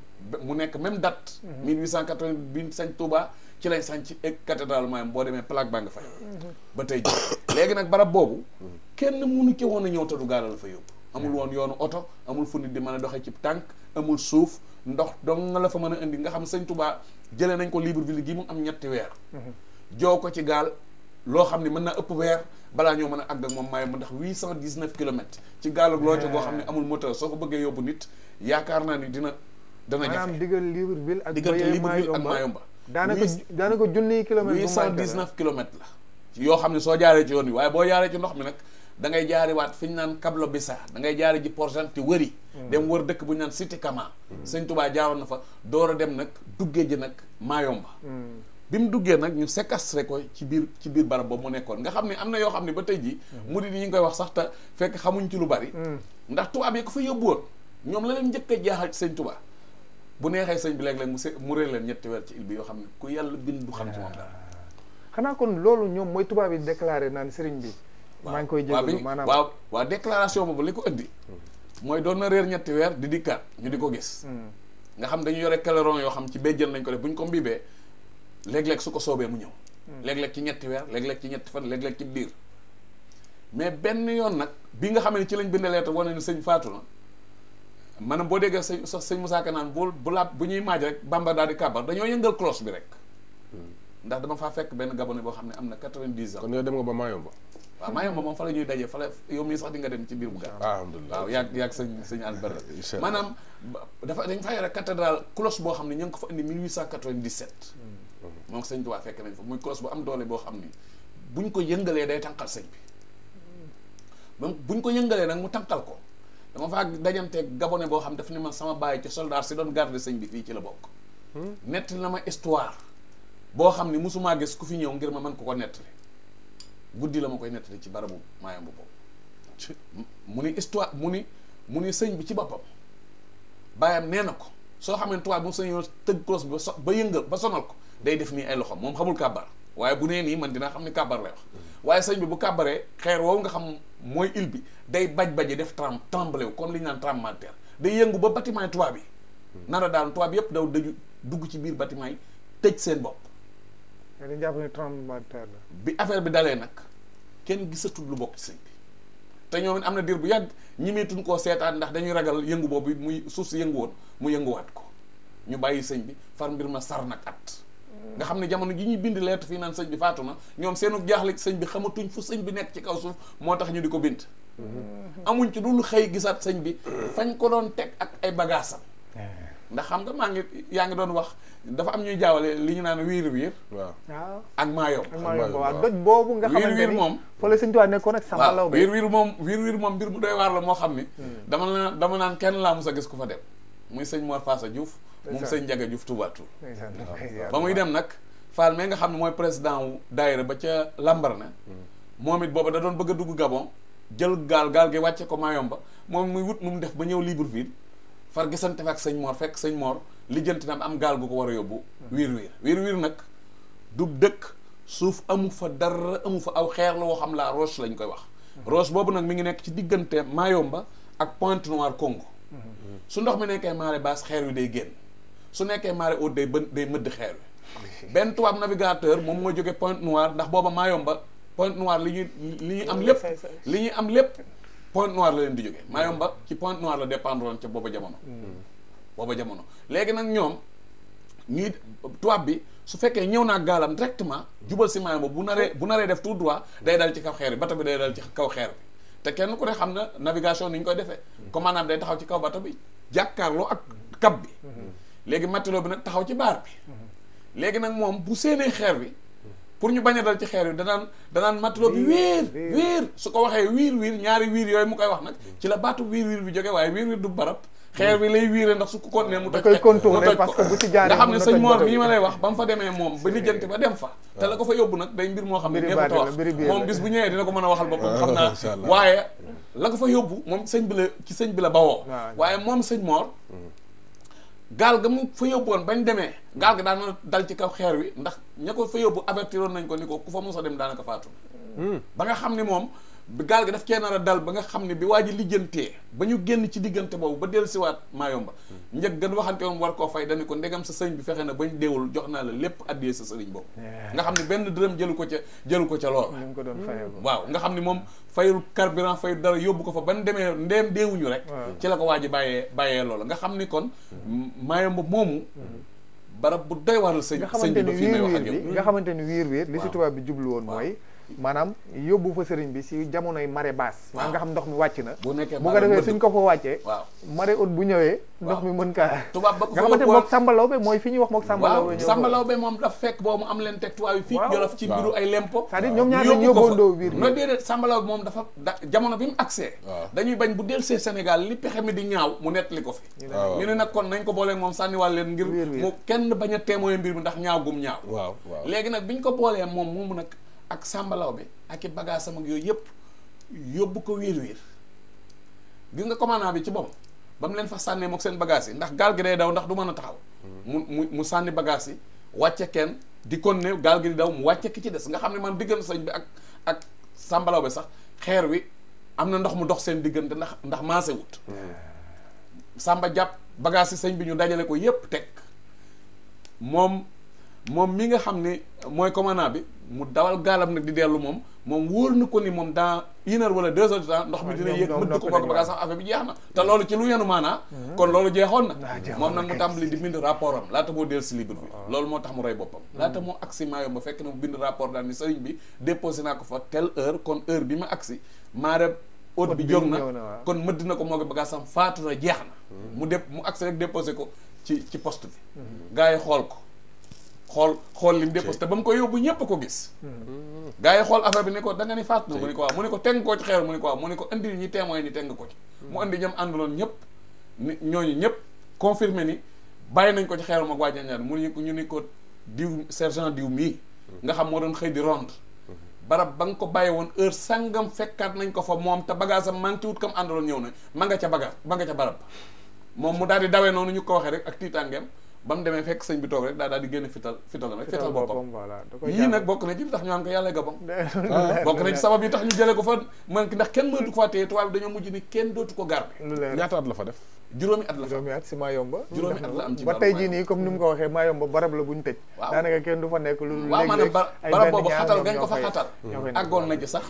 mu nekk même date 1880 bi mu sanc Touba ci lay sanc ak cathédrale maanaam boo demee plaque baa nga fay mhm. ba tey ji léegi nag barab boobu mhm. kenn mënu ci woon a ñëw te du la fa yóbbu amul mhm. woon yoonu oto amul fu nit di mën a doxe ci tànk amul suuf ndox dong la fa mën a indi nga xam sañ Touba jële nañ ko libre Libreville gi mu am ñetti weer joo ko ci gaal loo xam ne mën naa ëpp weer balaa ñoo mën a àgg ak moom maay ma ndax 819 kilomètres ci gaal ak looco goo xam ne amul moteur soo ko bëggee yóbbu nit yaakaar naa ni dina dana jafe maanaam diggante Libreville ak Mayomba daanaka daanaka junniy kilomètres 819 kilomètres la yoo xam ne soo jaaree ci yoon wi waaye boo jaaree ci ndox mi nag da jaari waat fi ñu naan Kablo Bissa da ngay jaari ji Port-Gentil wëri hmm. dem wër dëkk bu naan Cité Kama sëñ Tubaa jaaroon na fa door a dem nag duggee ji nag Mayomba hmm. bi mu duggee nag ñu séquestré ko ci biir ci biir barab ba mu nekkoon nga xam ne am na yoo xam ne ba tey jii mm-hmm. murid yi ñu koy wax sax te fekk xamuñ ci lu bari mm. ndax tubaab yi ko fa yóbbuwoon ñoom la leen njëkk a jaaxal ci sëñ Tuubaa bu neexee sëñ bi léeg-léeg mu se mu réer leen ñetti weer ci île bi yoo xam ne ku yàlla bind du xam ci moom ah. xanaa kon loolu ñoom mooy tubaab yi déclaré naan sëriñ bi maa ngi koy jégalu maanaam waaw waaw déclaration boobu li ko indi mooy doon na reer ñetti weer di dikkaat ñu di ko gis mm. nga xam dañu yore kaleron yoo xam ci béjjën lañ ko def bu ñu ko mbibee leg leg suko sobe mu ñew leg leg ci ñetti weer leg leg ci ñetti fan leg leg ci bir mais benn yoon nak bi nga xam ci lañ bind lettre woné ni sëñ fatou na maanaam boo déggee sëñ sëñ Moussa Ka bu bu la bu ñuy maaj rek bamba daal di kabar dañoo yëngal cloche bi rek. Hmm. ndax dama fa fekk benn gabonais bo xam amna 90 ans. kon yow dem nga ba ba wa waaw ba mom fa la ñuy dajee fa la yow mi sax di nga dem ci bir bu gàtt. alhamdullah wa yak yak sëñ sëñ Albert. manam dafa dañ fa yara cathédrale cloche bo xam ñu ko fa indi 1897 moom sëñ Tuubaa fekk nañ fa muy koos bu am doole boo xam ni buñ ko yëngalee day tànqal sëñ bi même buñ ko yëngalee nag mu tànqal ko dama faa dajanteeg gabone boo xam ne daf ne man sama bàyyi ci soldat si doon garde sëñ fii ci la bokk hmm? nett na ma histoire boo xam ni mosumaa gis ku fi ñëw ngir ma mën ko ko nettali guddi la ma koy nettali ci barabu maayam bu boobu mu ni histoire mu ni mu ni sëñ bi ci boppam bàyyam nee na ko soo xamee tubaab bi mu sëñ yoon tëgg close bi ba so ba yëngal ba sonal ko day def nii ay loxo moom xamul kàbbar waaye bu nee nii man dinaa xam ni kàbbar lay wax waaye sëñ bi bu kàbbaree xeer woowu nga xam mooy il bi day baj-baje def trem tremble wu comme li ñu naan tremblement de day yëngu ba batiment yi tubaab bi nar a daanu tubaab bi yëpp daw daju dugg ci biir bâtiment yi tëj seen bopp dañ jàpp la bi affaire bi dalee nag kenn gisatu lu bokk ci sëñ bi te ñoom am na diir bu yàgg ñi meetuñ koo seetaan ndax dañuy ragal yëngu boobu muy suuf si yëngu woon mu yënguwaat ko ñu bàyyi sëñ bi far mbir ma sar nag at nga xam ne jamono ji ñuy bind lettre fii naan sëñ bi faatu na ñoom seenu jaaxle ci sëñ bi xamatuñ fu sëñ bi nekk ci kaw suuf moo tax ñu di ko bind mm-hmm. amuñ ci dul xëy gisaat sëñ bi fañ ko doon teg ak ay bagaasam eh. ndax xam nga maa ngi yaa ngi doon wax dafa am ñuy jaawale li ñu naan wiir wiir waaw ak maayo waaw doj boobu nga xamante wiir wiir moom fa la sëñ Tuubaa nekkoon ak Samba Law wiir wiir moom wiir wiir moom mbir mu dee waar la moo xam ni hmm. dama naan dama naan kenn laa mos a gis ku fa dem muy sëñ Mor Faasa Diouf mom sëñ Njaga Juuf Tubaatu ba muy dem nak fal me nga xamne moy mooy président daayira ba ca lambar na momit mm. bobu da doon bëgg dugg Gabon jël gal gal gi wacce ko Mayomba mom muy wut num def ba ñëw Libreville far gisante fak sëñ Mor fek sëñ Mor lijjanti na am gal gu ko wara yobbu mm. wir wir wir wir nak du suuf amu fa dar amu fa aw xeer la xam la roche lañ koy wax mm-hmm. roche bobu nak mi ngi nekk ci digeunte Mayomba ak Pointe Noire Congo mm-hmm. su ndox mi nekkee marée basse xeer wi day génn su nekkee marée haute day bën day mëdd xeer wi benn tubaab navigateur moom moo jóge Pointe Noire ndax booba Mayomba Pointe Noire li ñuy li ñuy am lépp li ñuy am lépp Pointe Noire la leen di jóge ba ci Pointe Noire la dépendre woon ca booba jamono mm. booba jamono léegi nag ñoom ñuy tuwaab bi su fekkee ñëw naa gaalam directement jubal si Mayomba bu naree bu naree def tout droit day dal ci kaw xeer bi bato bi day dal ci kaw xeer bi te kenn ku ne xam na navigation ni ñu koy defee mm. commandant day taxaw ci kaw bato bi jàkkaarloo ak kab bi mm-hmm. léegi matelot bi nag taxaw ci baar bi léegi nag moom bu séenee xeer bi pour ñu bañ a dal ci xeer yi danaan danaan matelot bi wiir wiir su ko waxee wiir wiir ñaari wiir yooyu mu koy wax nag ci la baatu wiir wiir bi jógee waaye wiir wiir du barab xeer bi lay wiire ndax su ko continué mu toj koy contourné parce que bu ci jaaree xam ne sëñ Mor mii ma lay wax ba mu fa demee moom ba lijjanti ba dem fa te la ko fa yóbbu nag day mbir moo xam ne ñëpp ta wax moom bis bu ñëwee dina ko mën a waxal boppam xam waaye la ko fa yóbbu moom sëñ bi la ci sëñ bi la bawoo waaye moom sëñ Mor mm. gaal ga mu fa yóbbuwoon bañ demee gaal ga daan dal ci kaw xeer wi ndax ña ko fa yóbbu avertiroon nañ ko ni ko ku fa mos a dem daanaka faatu hmm. ba nga xam ni moom gaal gi daf kee nar a dal ba nga xam ne bi waa ji lijjantee ba ñu génn ci diggante boobu ba dellu siwaat maayomba hmm. njëg gan waxante woon war koo fay dañu ko ndegam sa sëriñ bi fexe na bañ deewul jox naa la lépp addiyee sa sëriñ boobu nga xam ne benn dërëm jëlu ko ca jëlu ko ca lool waaw nga xam ne moom fayul carburant fayul dara yóbbu ko fa ban demee ndeem deewuñu rek ci la ko waa ji bàyyee bàyyee loola nga xam ni kon hmm. maayomba moomu hmm. barab bu doy waar la sëñ sëñ bi fi may wax ak yow nga xamante ni wiir wiir li si tubaab bi jublu woon mooy maanaam yóbbu fa sëriñ bi si jamonoy marée basse maanaam nga xam ndox mi wàcc na bu nekkee defee suñ ko fa wàccee marée haute bu ñëwee ndox mi mën kaa nga xamante mook sàmbalawbe mooy fi ñuy wax mook sàmbalawbe sàmbalawbe moom daf fekk boobu am leen teg tubaab yi fii jolof ci biiru ay lempo c'est-à-dire ñoom ñaar dañ yóbboondoo biir no déedéet sàmbalawbe moom dafa jamono bi mu accès dañuy bañ bu dellusee Sénégal li pexe mi di ñaaw mu nettali ko fi ñu ne nag kon nañ ko boolee moom sànniwaal leen ngir mu kenn bañ a témoin mbir mi ndax ñaaw gum ñaaw léegi nag biñ ko boolee moom moomu nag ak sàmbalaw bi ak i bagage sama yooyu yëpp yóbbu ko wiir wiir gi nga commandant bi ci boppam ba mu leen fa sànnee mook seen bagaas yi ndax gaal gi daw ndax du mën a taxaw mu mu mu sànni bagaas yi wàcce kenn di kon ne gaal gi di daw mu wàcce ki ci des nga xam ne man diggante sëñ bi ak ak sàmbalaw bi sax xeer wi am na ndox mu dox seen diggante ndax ndax maase wut hmm. sàmba jàpp bagaas yi sëñ bi ñu dajale ko yépp teg moom moom mi nga xam ne mooy commandant bi mu dawal gaalam nag di dellu moom moom wóor na ko ni moom daa une heure wala deux heures de temps ndox mi ah, dina yéeg mëdd ko bokk bagaa sax affaire bi na te loolu ci lu yenu maanaa hmm. kon loolu na ah, moom nag mu tàmbali di bind rapport am laata moo del bi ah. loolu moo tax mu rey boppam hmm. laata moo agsi maayom ba fekk na mu bind rapport daal ni sëriñ bi déposé naa ko fa telle heure kon heure bi ma agsi maareb haute bi jóg na kon mëdd na ko moo ko bagaa sax faatu na jeex na hmm. mu dép mu agsi rek déposé ko ci ci poste bi gars yi xool ko xool xool lim déposé te ba mu ko yóbbu ñëpp ko gis hmm. gars yi xool affaire bi ne ko da nga ni faat mu ne ko waaw mu ne ko teng ko ci xeer mu ko waaw mu ne ko indi ñi témoin ni teng ko ci mu hmm. indi ñam àndaloon ni ñooñu ñëpp confirmé ni bàyyi nañ ko ci xeer mag waa janjaar mu ne ñu ni ko diw sergent diw mii hmm. nga xam moo doon xëy di rond barab ba nga ko bàyyi woon heure sangam fekkaat nañ ko fa moom te bagage am manqué kam àndaloon ñëw na ma nga ca bagage ma nga ca barab moom mu daal di dawee noonu ñu ko waxee rek ak tiitaangeem ba demee fekk sëñ bi toog rek daa daal di génn fital fitalam rek fital boppam yii nag bokk na ci tax ñu am ko yàlla gabon *laughs* bokk na ci sabab yi tax ñu jëlee ko fa man ndax kenn mënatu ko fa téye tubaab bi dañoo kenn dootu ko garde ñaata at la fa def juróomi at la juróomi ba tey jii nii comme ni mu ko waxee Mayomba barab la buñu tëj daanaka kenn du fa nekk lu waaw maanaam barab boobu xatal gañ ko fa xatal àggoon na sax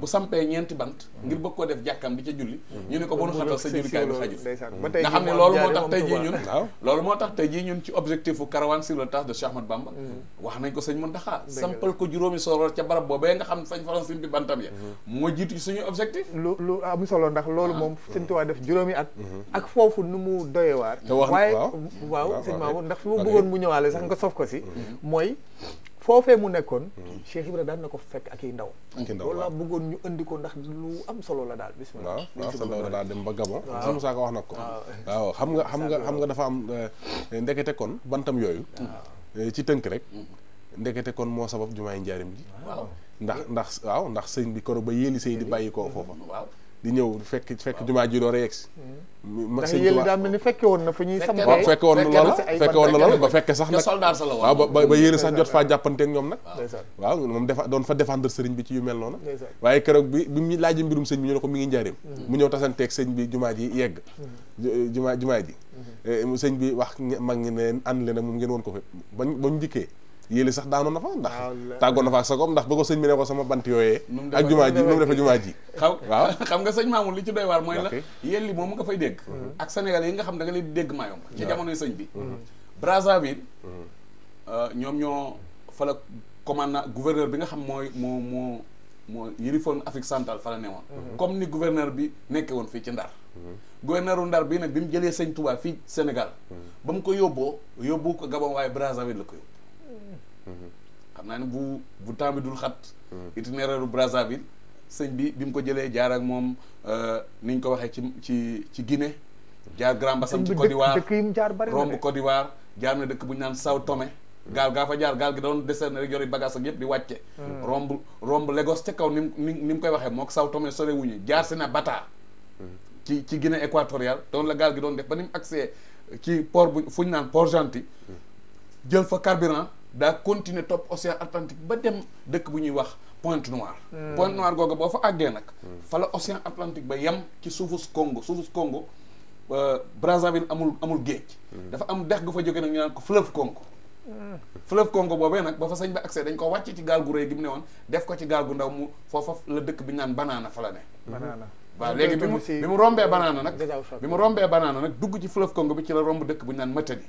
bu sampee ñeenti bant ngir bëgg koo def jàkkam di ca julli ñu ne ko bonu xatal sa jullikaay bi xaju nga xam ne loolu moo tax tey jii ñun loolu moo tax tey jii ñun ci objectif u caravane sur le tas de Cheikh Ahmad Bamba mm-hmm. ko sëñ Muntaxa sampal ko juróomi soroor ca barab xam fañ faral simpi bantam ya mm-hmm. moo jiitu ci suñuy objectif lu lu am solo ndax loolu ah. moom sëñ Tuubaa def juróomi at mm-hmm. ak foofu nu mu doyewaar waaye waaw sëñ Maamu ndax fi mu bëggoon mu ñëwaale sax nga sof ko si mooy foofee mu nekkoon. Cheikh Ibra daan na ko fekk ak i ndaw. ak i ndaw loolu laa bëggoon ñu indi ko ndax lu am solo la daal bisimilah. waaw sa ndaw dem ba Gabon. waaw Moussa ko wax na ko. waaw xam nga xam nga xam nga dafa am eh, ndekete kon bantam yooyu. Eh, ci tënk rek. ndekete kon moo sabab jumaay njaarim ji. ndax ndax waaw ndax sëñ bi koro ba yéeli sëy di bàyyi koo foofa. di ñëw fekk fekk jumaa ji doora yegsi mm-hmm. ndax yéen daa mel ni fekke woon na fa ñuy sam waaw fekke woon ba fekke sax nag la waaw ba mm-hmm. yéen sax jot faa jàppanteeg ñoom nag waaw moom defa doon fa défendre sëriñ bi ci yu mel noonu waaye keroog bi bi mu laaj mbirum sëñ bi ñu ne ko mi ngi njaareem mm-hmm. mu ñëw tasanteeg sëñ bi jumaa ji yegg jumaa jumaa ji eh, sëñ bi wax mag ñi ne ànd leen ak moom ngeen woon ko fa bañ bañ dikkee yéeli sax daanu na fa ndax ah, tàggoon na fa ak sagom ndax ba ko sëñ bi ne ko sama bant yooyee ak jumaa ji nu mu defee jumaa ji xaw waaw xam nga sëñ Mamour li ci doy waar mooy la yéeli moom nga fay dégg mhm. ak Sénégal yi nga xam da nga leen di dégg maayom ci jamonoy sëñ bi mhm. Mhm. Euh, ñoom ñoo fa la commandant bi nga xam mooy moo moo moo yëlifoon Afrique centrale fa la ne woon comme ni gouverneur bi nekke woon fii ci Ndar gouverneur u Ndar bii nag bi mu jëlee sëñ Touba fii Sénégal ba mu ko yóbboo yóbbu ko Gabon waaye Brazzaville la ko xam naa ne bu bu temps dul xat. Mm-hmm. itinéraire u Brazzaville sëñ bi bi mu ko jëlee jaar ak moom euh, ni ñu ko waxee ci ci ci Guinée. jaar Grand Bassam ci Côte d'Ivoire romb Côte d'Ivoire jaar na dëkk bu ñu naan saw Tomé. Mm-hmm. gaal gaa fa jaar gaal gi doon deserné rek yori bagage ak yëpp di wàcce. Mm-hmm. romb romb Lagos ca kaw ni mu ni mu koy waxee moo Sao Tomé sore wuñu jaar si na bataa ci ci Guinée équatoriale doon la gaal gi doon def ba ni mu accès ci port bu fu ñu naan por gentil. jël daa continuer topp océan Atlantique ba dem dëkk bu ñuy wax Pointe Noire. Hmm. Pointe Noire googa boo fa àggee nag. Hmm. fa la océan Atlantique ba yam ci suufus Congo suufus Congo euh, Brazzaville amul amul géej. Hmm. dafa am dex gu fa jógee nag ñu naan ko fleuve Congo. fleuve Congo boobee nag ba fa sañ ba accès dañ ko wàcc ci gaal gu rëy gi mu ne woon def ko ci gaal gu ndaw mu foofa la dëkk bi ñu naan banaana fa la ne. banaana waaw léegi bi mu bi mu rombee banaana nag. bi mu rombee banaana dugg ci fleuve Congo bi ci la romb dëkk bu naan Matadi.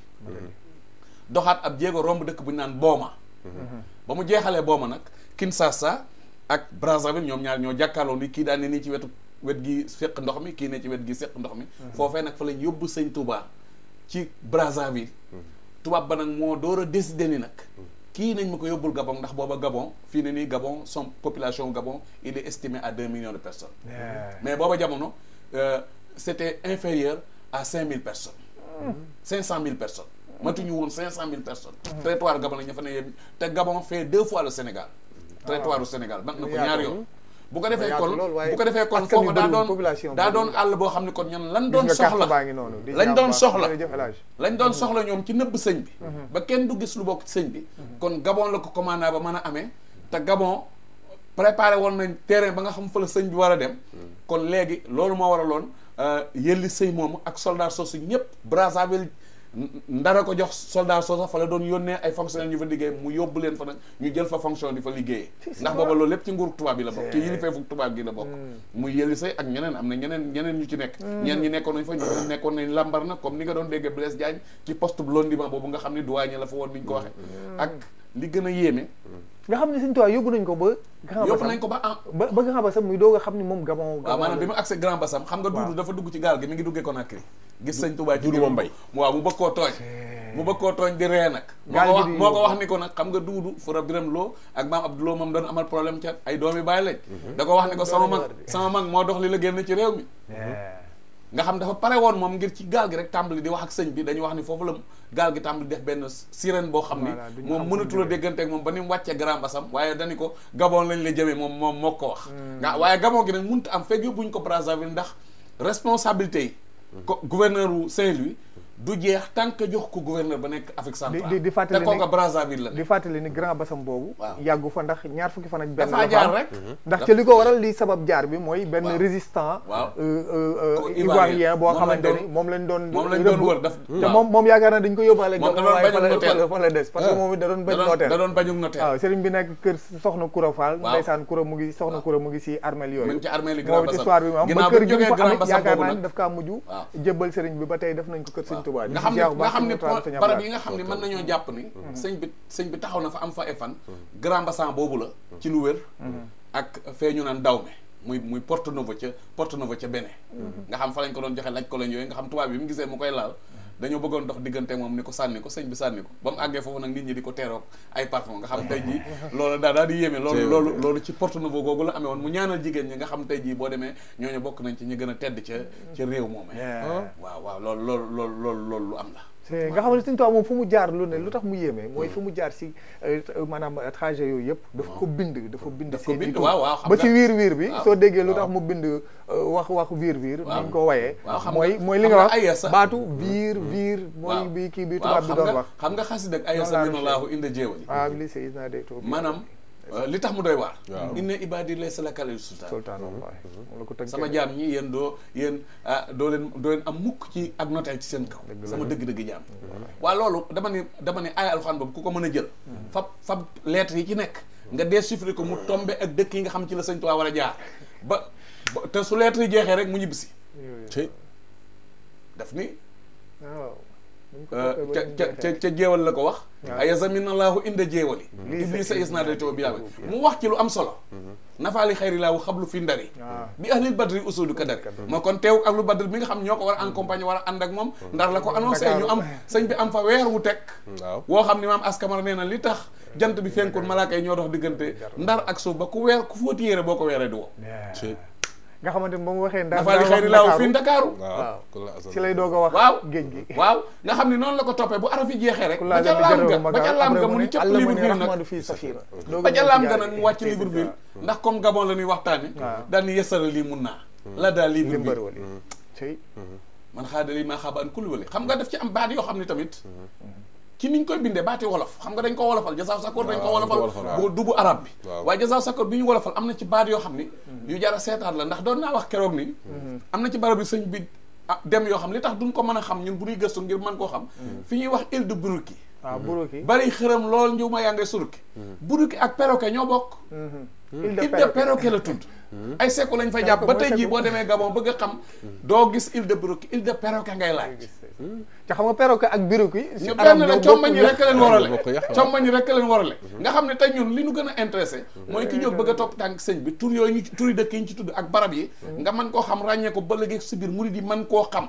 doxaat ab en romb dëkk bu ñu Boma ba mu Boma nak Kinshasa ak Brazzaville ñom ñaar ñoo qui ni ki ni ci wetu wet gi qui ndox mi ki ne ci wet gi ndox mi. Mhm. fofé nak fa lañ Touba ci Brazzaville. Mhm. Touba ba nak ont ni nak mhm. ki nañ Gabon ndax boba Gabon Gabon son population Gabon il est estimé à 2 millions de personnes. mais le jamono euh, inférieur à 5000 personnes. 500 000 personnes. matuñu woon cinq cent mille personnes territoire Gabon la ñu fa ne yéen te Gabon fait deux fois le Sénégal ah. territoire u Sénégal ban na ko ñaar yoon bu ko defee kon bu ko defee kon foofu daa doon daa doon àll boo xam ne kon ñoom lan doon soxla lañ doon mm-hmm. soxla lañ ñoom ci nëbb sëñ bi mm-hmm. ba kenn du gis lu bokk ci sëñ bi mm-hmm. kon Gabon la ko commanda ba mën a amee te Gabon préparé woon nañ terrain ba nga xam fa la sëñ bi war a dem kon léegi loolu moo loon euh, yëlli sëy moom ak soldat soosu ñëpp Brazzaville ndara ko jox soldat soo sax fa la doon yónnee ay fonctionnaire ñu fa liggéey mu yóbbu leen fa nag ñu jël fa fonction di fa liggéeyee ndax booba loolu lépp ci nguur tubaab bi la bokk ci yilifeefu tubaab gi la bokk hmm. muy yëlisay ak ñeneen am na ñeneen ñeneen ñu ci nekk hmm. ñeen ñi nekkoon nañ fa ñu nekkoon nañ lambar na comme ni nga doon dégg Blaise Diagne ci poste Londima boobu nga xam ne douanier la fa woon ni ñu ko waxee hmm. ak li gën a yéeme nga xam ne suñu tubaab yóbbu nañ ko ba grand yóbbu nañ ko ba ba ba a xam ne moom gabon dugg ci gaal gis sëñ Tuubaa ci biir mbay waaw mu bëgg koo tooñ mu bëgg koo tooñ di ree nag moo ko wax ni ko nag xam nga duudu fura biram loo ak maam Abdou Lo moom doon amal problème ca ay doomi bàyyi lañ mhm. da ko wax ni ko sama mag sama mag moo dox li la génn ci nga xam dafa pare woon moom ngir ci gaal gi rek tàmbali di wax ak sëñ bi dañu wax ni foofu la gaal gi tàmbali def benn sirène boo xam ni moom a déggante ak moom ba ni mu wàccee grand basam waaye dañu ko gabon lañ la jëmee moom moom moo ko wax mm. nga waaye gabon gi nag mënut a am fekk yóbbuñ ko Brazzaville ndax responsabilité gouverneur Saint-Louis du jeex tant que jox ko gouverneur ba nek Afrique centrale. di di fatali ni te Brazzaville la. di fatali ni Grand Bassam bobu yàggu fa ndax ñaar fukki fan ak ben dafa jaar rek mhm. ndax ci liko waral li sabab jaar bi mooy. benn résistant. Euh, euh, euh, ivoirien bo xamanteni mom lañ doon. mom lañ doon wër daf hmm. te mom moom yaakaar naa dañ ko yobale moom da bañu notaire fa la dess parce que mom hmm. da doon bañu hotel da doon bañu hotel waaw serigne bi nek keur soxna Koura Fall. ndaysan ndeysaan Koura mu ngi soxna Koura mu ngi ci armel yoy man ci armel Grand Bassam ginaaw bi mu am ba kër gi mu ko amit yaakaar naa daf kaa mujj jébbal sëriñ bi ba tay def nañ ko kër sëriñ Touba nga xam ne nga xam ne barab yi nga xam ne mën nañoo jàpp ni mm-hmm. sëñ bi sëñ bi taxaw na fa am fa ay fan grand bassin boobu la mm-hmm. ci lu wér mm-hmm. ak fee ñu naan dawme muy muy Porto Novo ca Porto Novo ca Bénin nga xam fa lañ ko doon joxe laaj ko lañ yooyu nga xam tubaab bi mu gisee mu koy laal dañoo bëggoon dox diggante moom ni ko sànni ko sëñ bi sànni ko ba àggee foofu nag nit ñi di ko teeroog ay parfum nga xam tey jii loolu daa daal di yéeme loolu loolu loolu ci porte nouveau googu la amee woon mu ñaanal jigéen ñi nga xam tey jii boo demee ñooñu bokk nañ ci ñi gën a tedd ca ca réew moomee waaw waaw loolu loolu loolu loolu lu am la nga xam ne Sëñ Tuubaa moom fu mu jaar lu ne lu tax mu yéeme mooy fu mu jaar si euh, euh, maanaam euh, trajet yooyu yëpp dafa ko bind dafa bind seen ba si wiir wiir bi soo déggee lu tax mu bind wax wax wiir wiir ni ñu ko wayee mooy mooy li nga wax baatu wiir mm-hmm. wiir mooy bi kii bi tubaab bi doon wax xam nga xasida ak ayasa minallaahu inda jéewali waaw li sa is naa de maanaam Euh, li tax mu doy waa waaw inna ibaadi laysa laka alayhim sultaan mhm. sama jaam ñi yéen doo yéen ah doo leen doo leen am mukk ci ak noteel ci seen kaw. sama dëgg-dëgg jaam. Mhm. waa loolu dama ne dama ne aaya alxuraan boobu ku ko mën a jël. Mhm. fab fab lettres yi ci nekk. nga déchiffrer ko mu tombe ak dëkk yi nga xam ci la sëñ Tuubaa war a jaar ba te su lettres yi jeexee rek mu ñibbisi. daf ni Euh, ca ca jéewal la ko wax ayazamin allahu inda jéewali mm-hmm. iblisa isnadayto bi yaabe mu wax ci lu am solo mm-hmm. nafaali xayri laahu xablu fi ndari mm-hmm. bi ahlil badri usudu ka dari moo kon teew ak lu badri bi nga xam ñoo ko war a accompagner war a ànd ak moom ndax la ko annoncé ñu am sëñ bi am fa weer wu teg woo xam ne maam askamara nee na li tax jant bi fenkoon malaaka yi ñoo dox diggante ndar ak suuf ba ku weer ku fóoti yére boo ko weeree du woo nga xamante ba mu waxee ndax dafa li xëy laaw fi Ndakaaru waaw ci lay a waaw géej gi waaw nga xam ne noonu la ko toppee bu araf yi jeexee rek ba ca laam ga ba ca laam ga mu ni cëpp Libreville nag ba ca laam ga nag mu wàcc Libreville ndax comme Gabon la ñuy waxtaane daal ni yesara lii mun naa hmm. la daal Libreville hmm. hmm. man xaadali maa xaabaan kulli xam nga daf ci am baat yoo xam ne tamit ci niñ koy bindee baati wolof xam nga dañ ko wolofal jasaaw sakkoor dañ ko wolofal bu dubu arab bi waaye jasaaw sakkoor bi ñu wolofal am na ci baat yoo xam ni hmm. yu jara seetaan la ndax doon naa wax keroog ni hmm. am na ci barab bi sëñ bi ah, dem yoo xam li tax duñ ko mën a xam ñun bu ñuy gëstu ngir man koo xam hmm. fi ñuy wax île de Buruki ah, bari xërëm lool njiw ma yaa ngay suruki Buruki ak perroquet ñoo bokk île de perroquet la tudd ay sekku lañ fa jàpp ba tey jii boo demee Gabon bëgg a xam doo gis île de Buruki île de perroquet ngay te xam nga perroquet ak biru ki si arab benn la commañ rek leen warale commañ yi rek leen warale nga xam ne tey ñun li ñu gën a intéressé mooy ki jóg bëgg a topp tànk bi tur yooyu ñu turi dëkk yi ñu ci tudd ak barab yi nga mën koo xam ràññee ko ba léegi si biir murid yi mën koo xam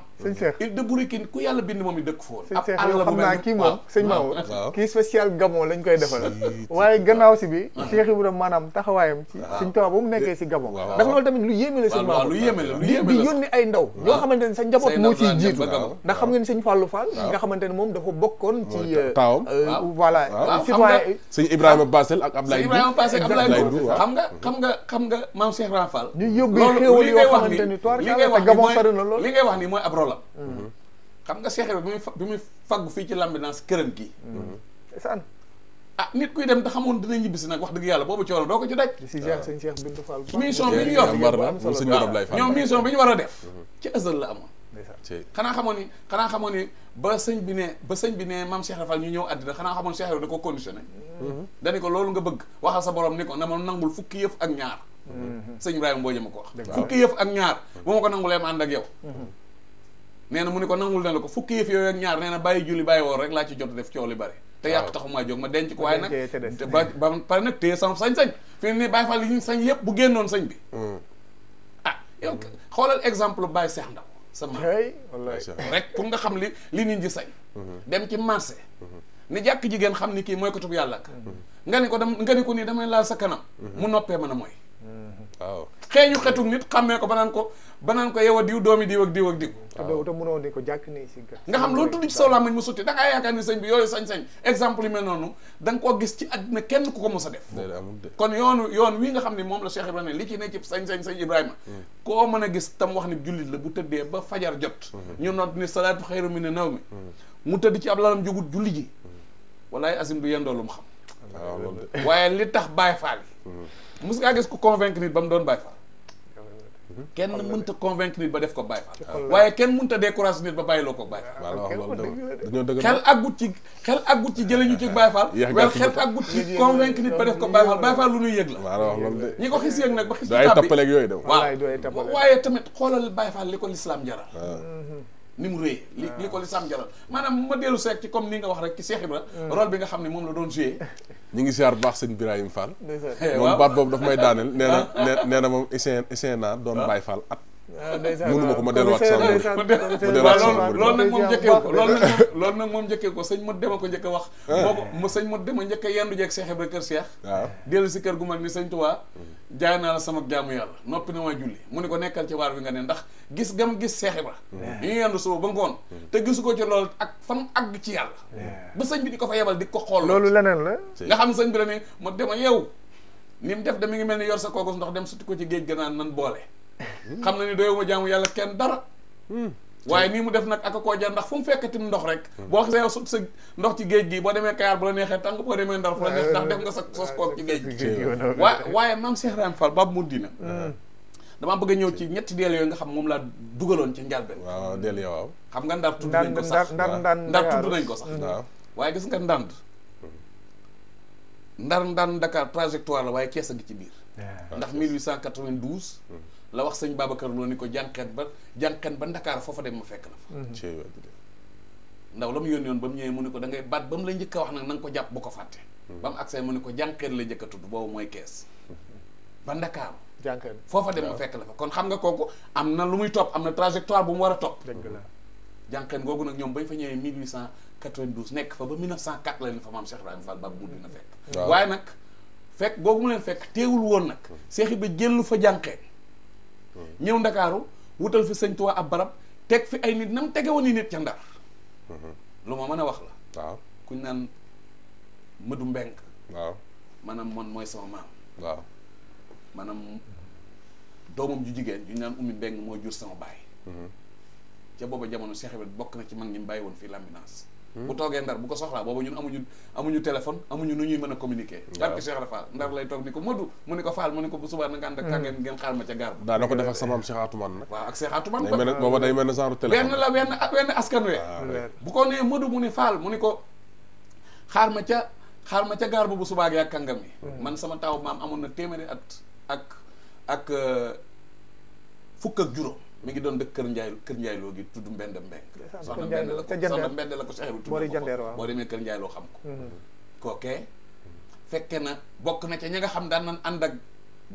il de Bourikine ku yàlla bind moom i dëkk foofu ab àll xam naa kii moom sëñ Mamour kii spécial Gabon lañ koy defal waaye gannaaw si bi ah. Cheikh Ibrahima maanaam taxawaayam ci ah. sëñ Tuubaa bu mu nekkee si Gabon ndax loolu tamit lu yéeme la sëñ Mamour lu yéeme la di yónni ay ndaw ñoo ah. xamante ne sa njaboot moo ciy jiitu ndax xam ngeen sëñ Fallou Modou nga xamante ne moom dafa bokk bokkoon ci euh, taawam euh, voilà citoyen sëñ Ibrahima Basel ak Ablaye Ibrahima Basel ak Ablaye xam nga xam nga xam nga maam Cheikh Ibra Fall ñu yóbbee xéewal ni toir li ngay wax Gabon sori na lool li ngay wax ni mooy ab rolam mm-hmm. xam nga Cheikh bi bi muy faggu fii ci Lambinance këram gi mm-hmm. mm-hmm. saan a ah, nit kuy dem te xamoon dina ñibbisi nag wax dëgg yàlla boobu coono doo ko ci daj. si Cheikh sëñ Cheikh Bintou Fall ñoom mission bi ñu war a def ci ësal la amoon xanaa xamoon ni xanaa xamoon ni ba sëñ bi ne ba sëñ bi ne maam Cheikh Rafal ñu ñëw àddina xanaa xamoon Cheikh Rafal da ko conditionné mhm. dani ko loolu nga bëgg waxal sa borom ni ko na ma nangul fukki yëf ak ñaar mhm. sëñ Ibrahima Mbodj ma ko wax fukki yëf ak ñaar bu ma ko nangulee ma ànd ak yow mhm. nee na mu ne ko nangul na la ko fukki yëf yooyu ak ñaar nee na bàyyi julli bàyyi woor rek laa ci jot def coow li bari te yàq taxu maa jóg ma denc ko waaye nag ba ba pare nag téye sama sañ-sañ fi ne Baye Fall yi ñu sañ yëpp bu génnoon sëñ bi mm. ah xoolal exemple Baye Cheikh Ndaw sama rek pour nga xam li li nit ñi sañ mhm. dem ci marché mhm. ni jàkk jigéen xam ni kii mooy ko tub yàlla mhm. nga ni ko dem nga ni ko nii damay laal sa kanam mu noppee mën a mooy xeeñu xetu nit xàmmee ko banaan ko banaan ko yow a diw doomi diw ak diw ak diw ah, te mënoo ni ko jàkk ni si nga xam loolu tudd ci saw làmmiñ mu sotti da ngaa yaakaar ni sëñ bi yooyu sañ-sañ exemple yu mel noonu da nga koo gis ci àddina kenn ku ko mos a def kon yoonu yoon wi nga xam ne moom la Cheikh Ibrahima li ci ne ci sañ-sañ sëñ Ibrahima hmm. koo mën a gis tam wax ni jullit la bu tëddee ba fajar jot hmm. ñu noot ni salaatu xayru mi ne naw mi hmm. mu tëdd ci ab lalam jógut julli ji walaay asim du yendoo lu mu xam ah, waaye li tax Baay Faal yi mos ngaa gis ku convaincre nit ba mu doon Baay Faal kenn mënta convaincre nit ba def ko Baye Fall waaye kenn mënta décourage nit ba bàyyiloo ko Baye Fall xel aggut ci xel aggut ci jëlee ñu ci Baye Fall wala xel aggut ci convaincre nit ba def ko Baye Fall Baye Fall lu ñuy yëg la ñi ko xis yëg nag ba xis du ay tappaleeg yooyu de waaye tamit xoolal Baye Fall li ko lislaam jara ni mu réyee li ah. li ko li sàmm jaral maanaam ma dellu seek comme ni nga wax rek ci Cheikh Ibra hmm. rôle bi nga xam ne moom la doon joué *laughs* ñu ngi siyaar baax sëñ Birahim Fall moom baat boobu daf may daaneel *laughs* nee na nee na moom isn isn naa doon ah. Baye Fall at Ah, mënu ma ko ma delluwaat sànq ma delluwaat sànq loolu nag moom njëkkee ko loolu nag loolu nag moom njëkkee ko sëñ ma dema ko njëkk a wax eh. boo ko ma sëñ ma dema njëkk a yendu jeeg Cheikh Ibra kër Cheikh waaw ah. dellu si kër gu mag ni sëñ Tuubaa mm-hmm. jaay naa la sama jaamu yàlla noppi na ma julli mu ne ko nekkal ci waar bi nga ne ndax gis gam gis Cheikh Ibra mm-hmm. ñu yendu suba ba ngoon mm-hmm. te gisu ko ci loolu ak fan àgg ci yàlla ba sëñ bi di ko fa yebal di ko xool loolu leneen la nga xam sëñ bi la ne ma dema yow ni mu def da mi ngi mel ni yor sa kooku ndox dem suti ko ci géej ga naan nan boole xam na ni doyuma jaamu yàlla kenn dara hmm. waaye nii mu def nag aka koo jar ndax fu mu fekkatim ndox rek hmm. boo xasee yow sa ndox ci géej gi boo demee Kayaar bu la neexee tàng boo demee ndax def nga sa sos koog ci géej *laughs* waaye waaye maam Cheikh Rahane Fall baab mu hmm. damaa bëgg a ñëw ci ñetti deel yooyu nga xam moom laa dugaloon ci njalbeen waaw deel xam nga ndar tudd nañ ko sax ndar tudd nañ ko sax waaye gis nga ndand ndar ndar Dakar trajectoire la waaye kees a ci biir ndax 1892 la wax baaba kër Lo ni ko jànqeen ba jànqeen ba Ndakaar foofa dem ma fekk na fa mhm. ndaw la mu yónni ba mu ñëwee mu ne ko da ngay baat ba mu la njëkk a wax nag na nga ko jàpp bu ko fàtte mhm. mu ne ko jànqeen la njëkk a tudd boobu mooy kees mhm. ba Ndakaar jànqeen foofa dem ma fekk la fa kon xam nga kooku am na lu muy topp am na trajectoire bu mu war a topp jànqeen googu nag ñoom bañ fa ñëwee 1892 nekk fa ba 1904 la leen fa maam mu dina fekk waaye nag fekk googu mu leen fekk teewul woon nag seexi ba jëllu fa jànqeen ñëw ndakaaru wutal fi sëñ ab barab teg fi ay nit nam tege woon i nit ca lu ma mën a wax la waaw kuñ naan Madu mbenk waaw maanaam man mooy sama maam waaw maanaam doomam ju jigéen ñu naan Ummi Mbeng moo jur sama baay mm-hmm. ca booba jamono Cheikh Ibrahima bokk na ci mag ñi bàyyi woon fii Lambinaas bu toogee ndar bu ko soxlaa boobu ñun amuñu amuñu téléphone amuñu nu ñuy mën a communiquer barke Cheikh Ibra Fall ndar lay toog ni ko Modou mu ni ko Fall mu ni ko bu subaa na nga ànd ak hmm. kàngeen xaar ma ca gaar ba ko def ak sama am Cheikh Atoumane nag waaw ak Cheikh Atoumane booba day mel ne genre téléphone benn la wenn wenn askan ah, nee Modou mu ni Fall mu ni xaar ma ca xaar ma ca gaar ba bu subaa gi ak kàngam hmm. man sama taw maam amoon na téeméeri at ak ak euh, fukk ak juróom mi ngi doon dëkk kër Njaay kër Njaay loo gi tudd Mbend Mbeng soxna Mbend la ko soxna ko Cheikh bi tudd boo xam ko mm-hmm. kookee fekke na bokk na ca ña nga xam daan nan ànd ak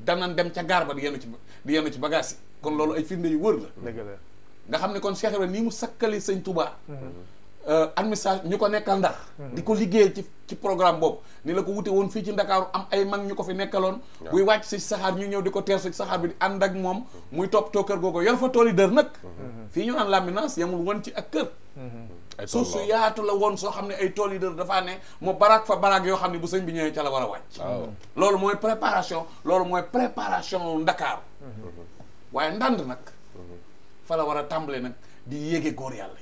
daan dem ca gaar ba di yenu ci di yenu ci bagage yi kon loolu ay firnde yu wër la nga xam ne kon Cheikh Ibrahima nii mu sakkali sëñ Touba mm-hmm. Euh, administration ñuko nekkal ndax hmm. di liggéey ci ci programme boobu ni la ko wuté won fi ci dakar am ay mag ñuko we fi nekkaloon buy wacc si sahar ñu ñew diko ko ci sahar bi di ak mom hmm. muy to kër gogo yor fa tooli dër nak hmm. fi ñu am laminance yamul won ci ak kër so su yaatu la won so ay dafa né mo barak fa barak yo xam bu señ bi ñëw ci la wara wacc wàcc loolu mooy préparation loolu moy préparation dakar waye ndand nak fa la wara tambalé nak di yégué gor yalla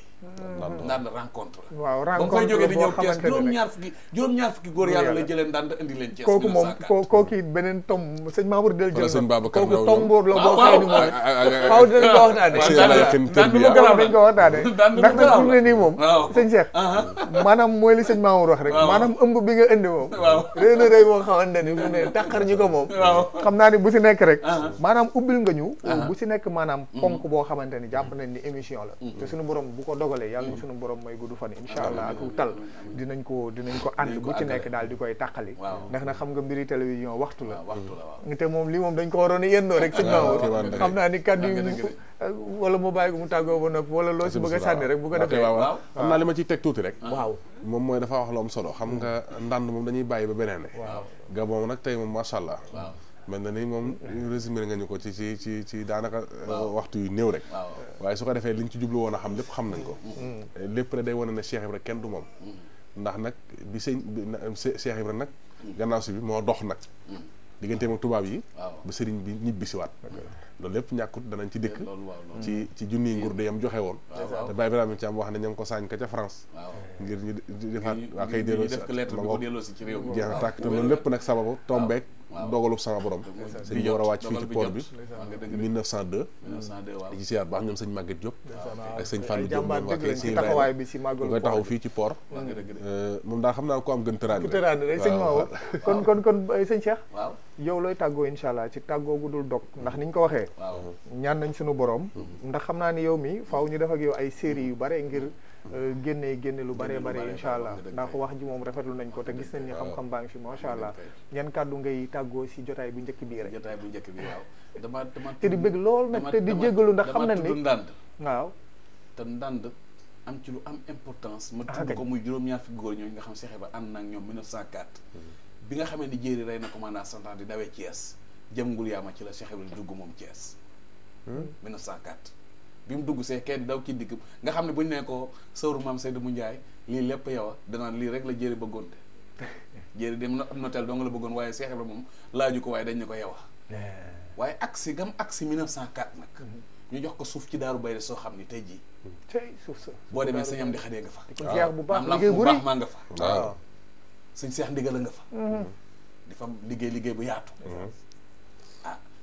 ndand rencontre waaw rencontre ba di ñëw Thiès juróom-ñaar fukki juróom-ñaar fukki góor yàlla la indi tom sëñ Mamour del jël sëñ tom boobu la boo xam ne faaw dinañ ko waxtaane ndand lu garaaw dañ ko waxtaane ndax nag pour ne nii moom Cheikh maanaam mooy li sëñ Mamour wax rek maanaam ëmb bi nga indi moom réy na réy moo xamante ne taxar ñu ko moom ni bu rek nga ñu bu ponk nañ ni émission la te suñu borom bu ko dog dogalé yalla ñu mm. sunu borom may gudd fan inshallah ak tal dinañ ko dinañ ko and bu ci nek dal dikoy takali tàqali ndax na xam nga mbiri télévision waxtu la ah, té mom li mom dañ ko warone yendo rek si maamu xamna ni kaddu yi euh, wala mo bàyyi ko mu taggo bo nopp wala lo ci bëgg a rek bu ko defee amna lima ci li ma rek ah. waaw mom moy dafa wax lo am solo xam nga mm. ndand mom dañuy bàyyi ba benen ne gabon nag tey moom macha allah mel na ni moom résumé nga ñu ko ci ci ci ci daanaka euh, waxtu yu néew rek waaye su ko defee liñ ci jublu woon a xam lépp xam nañ ko mm. lépp rek day wane ne Cheikh Ibra kenn du moom mm. ndax nag bi sëñ Cheikh Ibra nag mm. gannaaw si bi moo dox nag diggante moom tubaab yi ba sëriñ bi ñibbi loolu lépp ñàkkut danañ ci dëkk eh, ci ci junniy nguur de yam joxe woon te Baye Ibrahima Thiam wax ne ña ngi ko saañ ka ca France ngir ñu defaat waa kay delloosi ma ngo jeex tàkk te loolu lépp nag sababu tombeek dogalu sama borom sëñ bi war a wàcc fii ci port bi 1902 1902 ci siyaar baax ñoom sëñ Maguette Diop ak sëñ Fallou bi si màggalu koy taxaw fii ci port euh, moom daa xam naa ko am gën tëraani tëraani rek sëñ Maodo kon kon kon euh, sëñ Cheikh yow looy tàggoo incha allah ci tàggoo gu dul dog ndax niñ ko waxee ñaan nañ suñu boroom mm-hmm. ndax xam naa ni yow mii faaw ñu def ak yow ay série yu bare ngir génnee génne lu bare bare incha allah ko wax ji moom rafetlu nañ ko te gis nañ ni xam-xam baa ngi fi macha allah ngeen kàddu ngay tàggoo si jotaay bu njëkk bii rek jotaay bu njëkk bi waaw dama dama te di bëgg lool nag te di jéggalu ndax xam nañ ni ndànd waaw te ndànd am ci lu am importance ma ah, tudd ko muy juróom-ñaar fi góor ñooñu nga xam seexe ba ànd naag ñoom 1904 hmm. bi nga xamee ni jéeri rey na commandant santan di dawee Thiès jëm ngul ma ci la seexe ba dugg moom Thiès 1904 hmm. bi mu dugg see kenn daw ci digg nga xam ne bu ñu nee ko sëwru maam Seydou mu Njaay lii lépp yow a lii rek la jëri bëggoon te *laughs* jëri dem na am notel dong la bëggoon waaye Seex Ibra moom laaju ko waaye dañ ne ko yow a waaye agsi gam agsi 1904 nag mm-hmm. ñu jox ko suuf ci daaru bayre soo xam ni tey jii mm-hmm. tey suuf sa boo demee sañ am di xadee nga fa am bu baax maa nga fa waaw sëñ seex ndigal la nga fa mm-hmm. di fa liggéey liggéey bu yaatu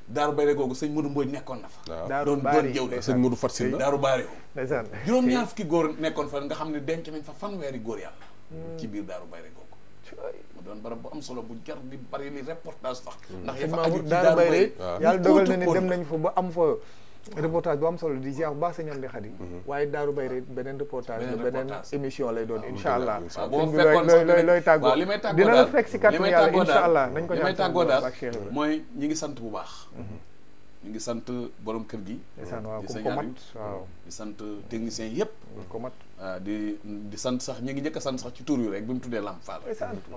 daaru Bayre googu sëñ Modou Mbodj nekkoon na fa. doon doon jëw daaru Baare. juróom-ñaar fukki góor nekkoon fa nga xam ne denc nañ fa fanweeri góor yàlla. Hmm. ci biir daaru Bayre googu. mu doon bu am solo bu jar di bari li hmm. ndax ya fa aju ci daaru Bayre yàlla dogal na ni dem nañ fa ba am fa. reportage bu am solo di ziar bu baax sëñ Amdi Xadi waaye Daaru Bayre beneen reportage beneen émission lay doon insha allah boo fekkoon looy looy tàggoo li may tàggoo daal la fekk si kàttan yàlla insha allah li may tàggoo daal mooy ñi ngi sant bu baax mhm. ñu ngi sant borom kër gi di sant waaw di sant techniciens yëpp ko mat Ah, di di sant sax ñu ngi njëkk a sant sax ci tuur yi rek bi mu tuddee Lamp Fall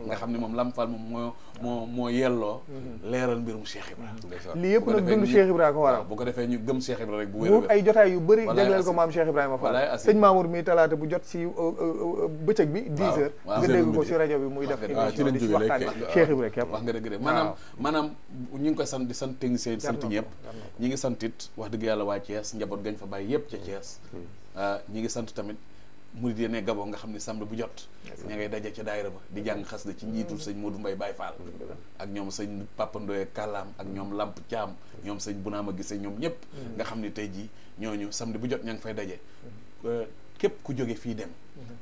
nga xam ne moom Lamp Fall moom moo moo moo yelloo mhm. leeral mbirum Cheikh Ibra mhm. lii yëpp nag dund Cheikh Ibra ko waral bu ko defee ñu gëm Cheikh Ibra rek bu wér ay jotaay yu bëri jagleel ko maam Cheikh Ibrahima Fall sëñ Mamour mi talaata bu jot si euh, euh, euh, bëccëg bi dix heures nga dégg ko si rajo bi muy def émission ah, di si waxtaan Cheikh Ibra képp wax nga dëgg de maanaam maanaam ñu ngi koy sant di sant technicien sant ñëpp ñi ngi santit wax dëgg yàlla waa Thiès njaboot gañ fa bàyyi yëpp ca Thiès hmm. ah, ñi ngi sant tamit murid yi ne Gabon nga xam ne samedi bu jot ña ngay daje ca daayira ba di jàng xas na ci sañ mm. sëñ Modou Mbaye Baye Fall mm, ak ñoom sañ Papa Kalaam ak ñoom mm. Lamp caam ñoom sañ sëñ a Gise ñoom ñëpp nga xam ni tey jii ñooñu samedi bu jot ña ngi fay daje euh, képp ku jóge fii dem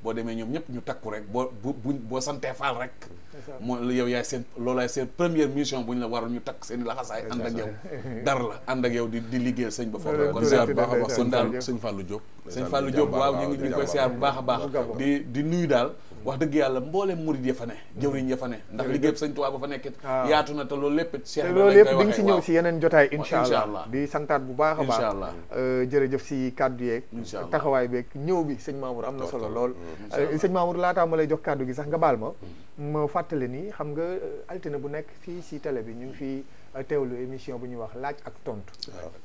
boo demee ñoom ñëpp ñu takku rek boo bu boo santee faal rek. moo yow yaay seen loolaay seen première mission bu ñu la waroon ñu takk seen i laxasaay ànd ak yow. dara la ànd ak yow di di liggéeyal sëñ ba foofu. kon siyaar bu baax a baax sëñ daal sëñ Fallou Diop. sëñ Fallou Diop waaw ñu ngi koy bu baax a baax. di di nuyu daal. wax dëgg yàlla mbooleem murid ya fa ne jëwriñ ne ndax liggéey sëñ Tuubaa ba fa nekkit ah. yaatu na te loolu lépp te loolu lépp di nga si ñëw si yeneen jotaay incha allah di santaat bu baax a baax incha allah euh, jërëjëf si kàddu yeeg taxawaay beeg ñëw bi sëñ Mamour am na solo lool mm-hmm. euh, sëñ Mamour laataa ma lay jox kàddu gi sax nga baal ma mm-hmm. ma fàttale nii xam nga euh, altine bu nekk fii si télé bi ñu ngi fii teewlu émission bu ñuy wax laaj ak tontu.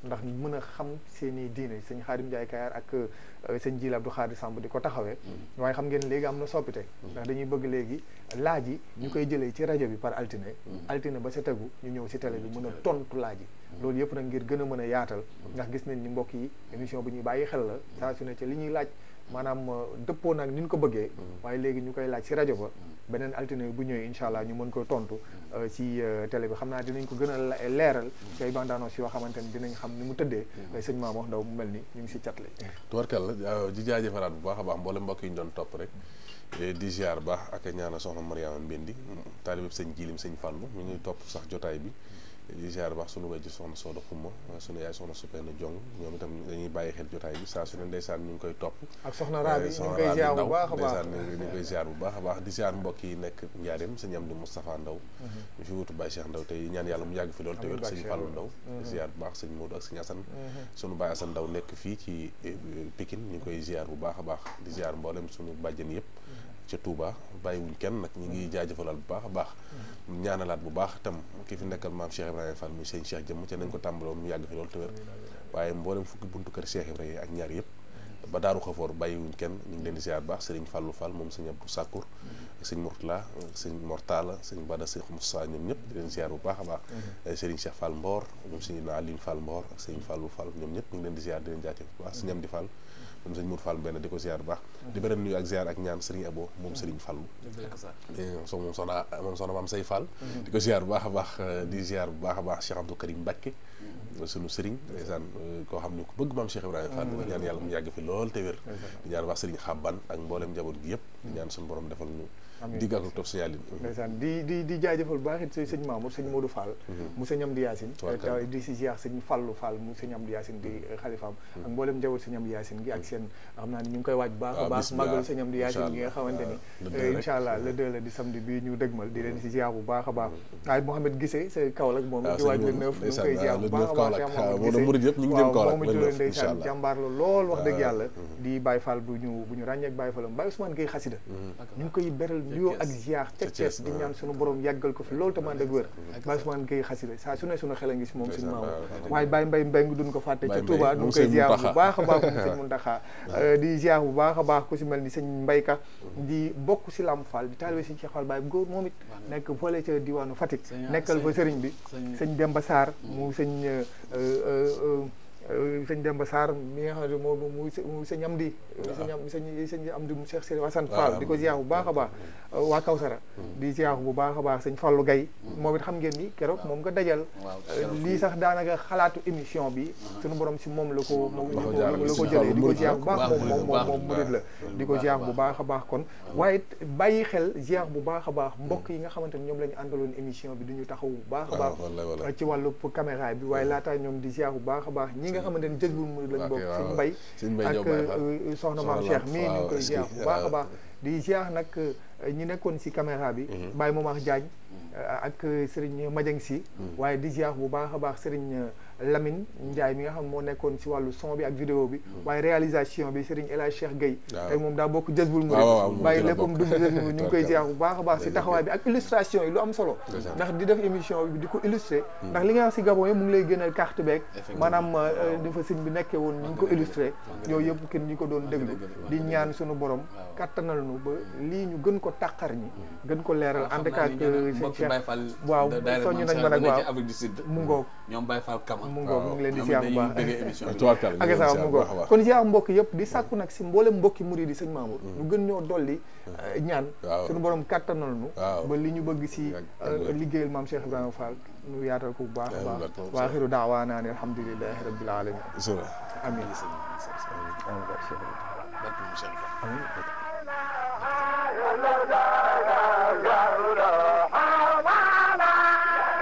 ndax mën a xam seen i diine sëñ Xaadim Njaay Kayaar ak euh, sëñ Jiil Abdu Xaadir Samb di ko taxawee. Mm. waaye xam ngeen léegi am na soppite. Mm. ndax dañuy bëgg léegi laaj yi ñu koy jëlee ci rajo bi par altine. Mm. altine ba sa tegu ñu ñëw si télé bi mën a tontu laaj yi. loolu yëpp nag ngir gën a mën a yaatal. ndax gis nañ ni mbokk yi émission bu ñuy bàyyi xel la saa su ne li ñuy laaj. maanaam euh, dëppoo nag ni ñu ko bëggee mm-hmm. waaye léegi ñu koy laaj si rajo ba mm-hmm. beneen altine bu ñëwee incha allah ñu mën ko tontu mm-hmm. euh, ci euh, télé bi xam naa dinañ ko gën a leeral say bandaanoo si yoo xamante ni dinañ xam ni mu tëddee sëñ maam wax ndaw mu mel ni ñu ngi si catli tubarkal la di jaajëfaraat bu baax a baax mboolem mbokk yi ñu doon topp rek di ziar baax ak ñaana soxna Mariama Mbendi taalibab sëñ jilim sëñ fàllu ñu ngi topp sax jotaay bi di ziar baax sunu wajju soxna Soda Xuma sunu yaay soxna Supena Jong ñoom itam dañuy bàyyi xel jotaay bi saa su ne ndeysaan ñu ngi koy topp ak soxna Rabi eh, ñu ngi koy ziar bu baax a baax ñu ngi koy ziar bu baax a baax di ziar mbokk yi nekk Njaareem sëñ am di Moustapha Ndaw mhm. ñu fi wutu Baye Cheikh Ndaw tey ñaan yàlla mu yàgg fi lool te wér sëñ Fallou Ndaw mhm. ziar baax sëñ Modou ak sëñ Assane mhm. sunu Baye Assane Ndaw nekk fii ci eh, Pikine ñu koy ziar bu baax a baax di ziar mboolem sunu bàjjen yëpp ca Touba bàyyiwuñ kenn nag ñu ngi jaajëfalal bu baax a baax ñaanalaat bu baax itam ki fi nekkal maam Cheikh Ibrahima Fall muy sëñ Cheikh jëmm ca nañ ko tàmbaloon mu yàgg fi loolu buntu kër Cheikh ak ñaar yëpp ba daaru xafoor bàyyiwuñ kenn ñu ngi leen di ziar baax sëriñ Fallou Fall moom sëñ Abdou Sakkour sëñ Mourtala sëñ Mortala sëñ Bada sëñ Moussa ñoom ñëpp di leen ziar bu baax a baax mhm. sëriñ Cheikh Fall Mbor moom sëñ Aline Fall Mbor ak sëñ Fallou ñëpp ñu ngi leen di ziar moom sëñ Mour Fall benn di ko ziar baax di beral nuyu ak ziar ak ñaan Serigne Abo moom Serigne Fallu eh, so moom soxna moom soxna maam say Fall di ko ziar bu baax a baax eh, di ziar bu baax a baax Cheikh Abdou Karim Mbacké eh, sunu Serigne ndeysaan koo xam ne ko bëgg maam Cheikh Ibrahima Fall di ñaan yàlla mu yàgg fi lool te wér di ñaan baax Serigne Xabban ak mboolem njaboot gi yëpp di ñaan suñ borom defal ñu di gàllu tof si yàlla ndeysaan di di di bu baax it sëñ Mamour sëñ Modou mu sëñ Amdi Yaasin di si ziar sëñ Fallou Fall mu sëñ Amdi Yaasin di mhm. xalifaam ak mhm. mboolem njaboot sëñ Amdi Yaasin gi ak mhm. seen xam naa ni ñu ngi koy waaj baax a ah, baax màggal sëñ Amdi Yaasin gi nga xamante ni euh, incha la di samedi bii ñu bu baax a baax waaye Mouhamed Gissé sa Kaolack moom di waaj le neuf ñu koy ziar bu baax a baax moom it ah, ndeysaan jàmbaar la lool wax dëgg ah, yàlla di Baye Fall bu bu ñu ràññeek Baye nuyoo ak ziar ca Thiès di ñaan sunu borom yàggal ko fi loolu tamaan ak wër Basman Gueye xasida saa su ne sunu xel a ngi si moom suñu maam waaye Baye Mbaye Mbaye ngi duñ ko fàtte ca Touba duñ koy ziar bu baax a baax moom sëñ Muntaxa *laughs* euh, di ziar bu baax a baax ku si mel ni sëñ Mbayka di bokk si Lam Fall di taalibe sëñ Cheikh Fall Baye góor moom it nekk fële ca diwaanu Fatick nekkal fa sëriñ bi sëñ Demba Sarr mu mm. sëñ euh, euh, sëñ Demba Sarr mi nga xam mo moo mu sëñ Amdi sëñ am sëñ sëñ Amdi mu Cheikh Sëriñ Wassane Fall di ko ziar bu baax a baax waa Kawsara di ziar bu baax a baax sëñ Fallou Gaye moom it xam ngeen ni keroog ya. moom nga dajal lii eh, sax daanaka xalaatu émission bi ah. suñu borom si moom la ko moom la ko jëlee di ko ziar bu baax moom moom moom moom murid la di ko ziar bu baax a baax kon waaye bàyyi xel ziar bu baax a baax hmm. mbokk yi nga xamante ne ñoom la ñu àndaloon émission bi du ñu taxaw bu baax a baax ci wàllu caméra bi waaye ya. laataa ñoom di ziar bu baax a baax nga xamante ne Jazboul Mouride lañ bokk sëñ Mbay ak euh, euh, soxna Maam Cheikh mii ñu ngi koy ziar bu baax a baax di ziar nag euh, ñi nekkoon si caméra bi mhm. Baye Momar Diagne mhm. ak sëriñ Madiang si mhm. waaye di ziar bu baax a baax sëriñ Lamine Ndiaye mi nga xam moo nekkoon si wàllu son bi ak vidéo bi mm. waaye réalisation bi Serigne El Hadj Cheikh Gueye tey moom daa bokk Jazboul Mouride ah, bàyyi léppam dugg Jazboul *laughs* ñu ngi koy ziar bu baax baax si taxawaay bi ak illustration lu am solo ndax di def émission bi di ko illustré mm. ndax li nga wax si Gabon yi mu ngi lay gënal carte beeg maanaam di euh, fa bi nekkee woon ñu ngi ko illustré yooyu yëpp kenn ñu ko doon déglu di ñaan suñu borom kattanal nu ba lii ñu gën ko tàqar ñi mm. gën ko leeral en tout cas sëñ Cheikh waaw soñu nañ ma nag waaw mu ngoog ñoom Baye Fall Kama mu ngoog mu ngi leen di ziar bu baax ak sa mu ngoog kon ziar mbokk yëpp di sàkku nag hmm. hmm. eh, si mboolem mbokki murid yi sëñ Mamour ñu gën ñoo dolli ñaan suñu borom kàttanal nu ya ba li ñu bëgg si liggéeyal maam Cheikh Ibrahima Fall ñu yaatal ko bu baax a baax waa xiru daawaanaa ne alhamdulilahi rabbil alamin amin amin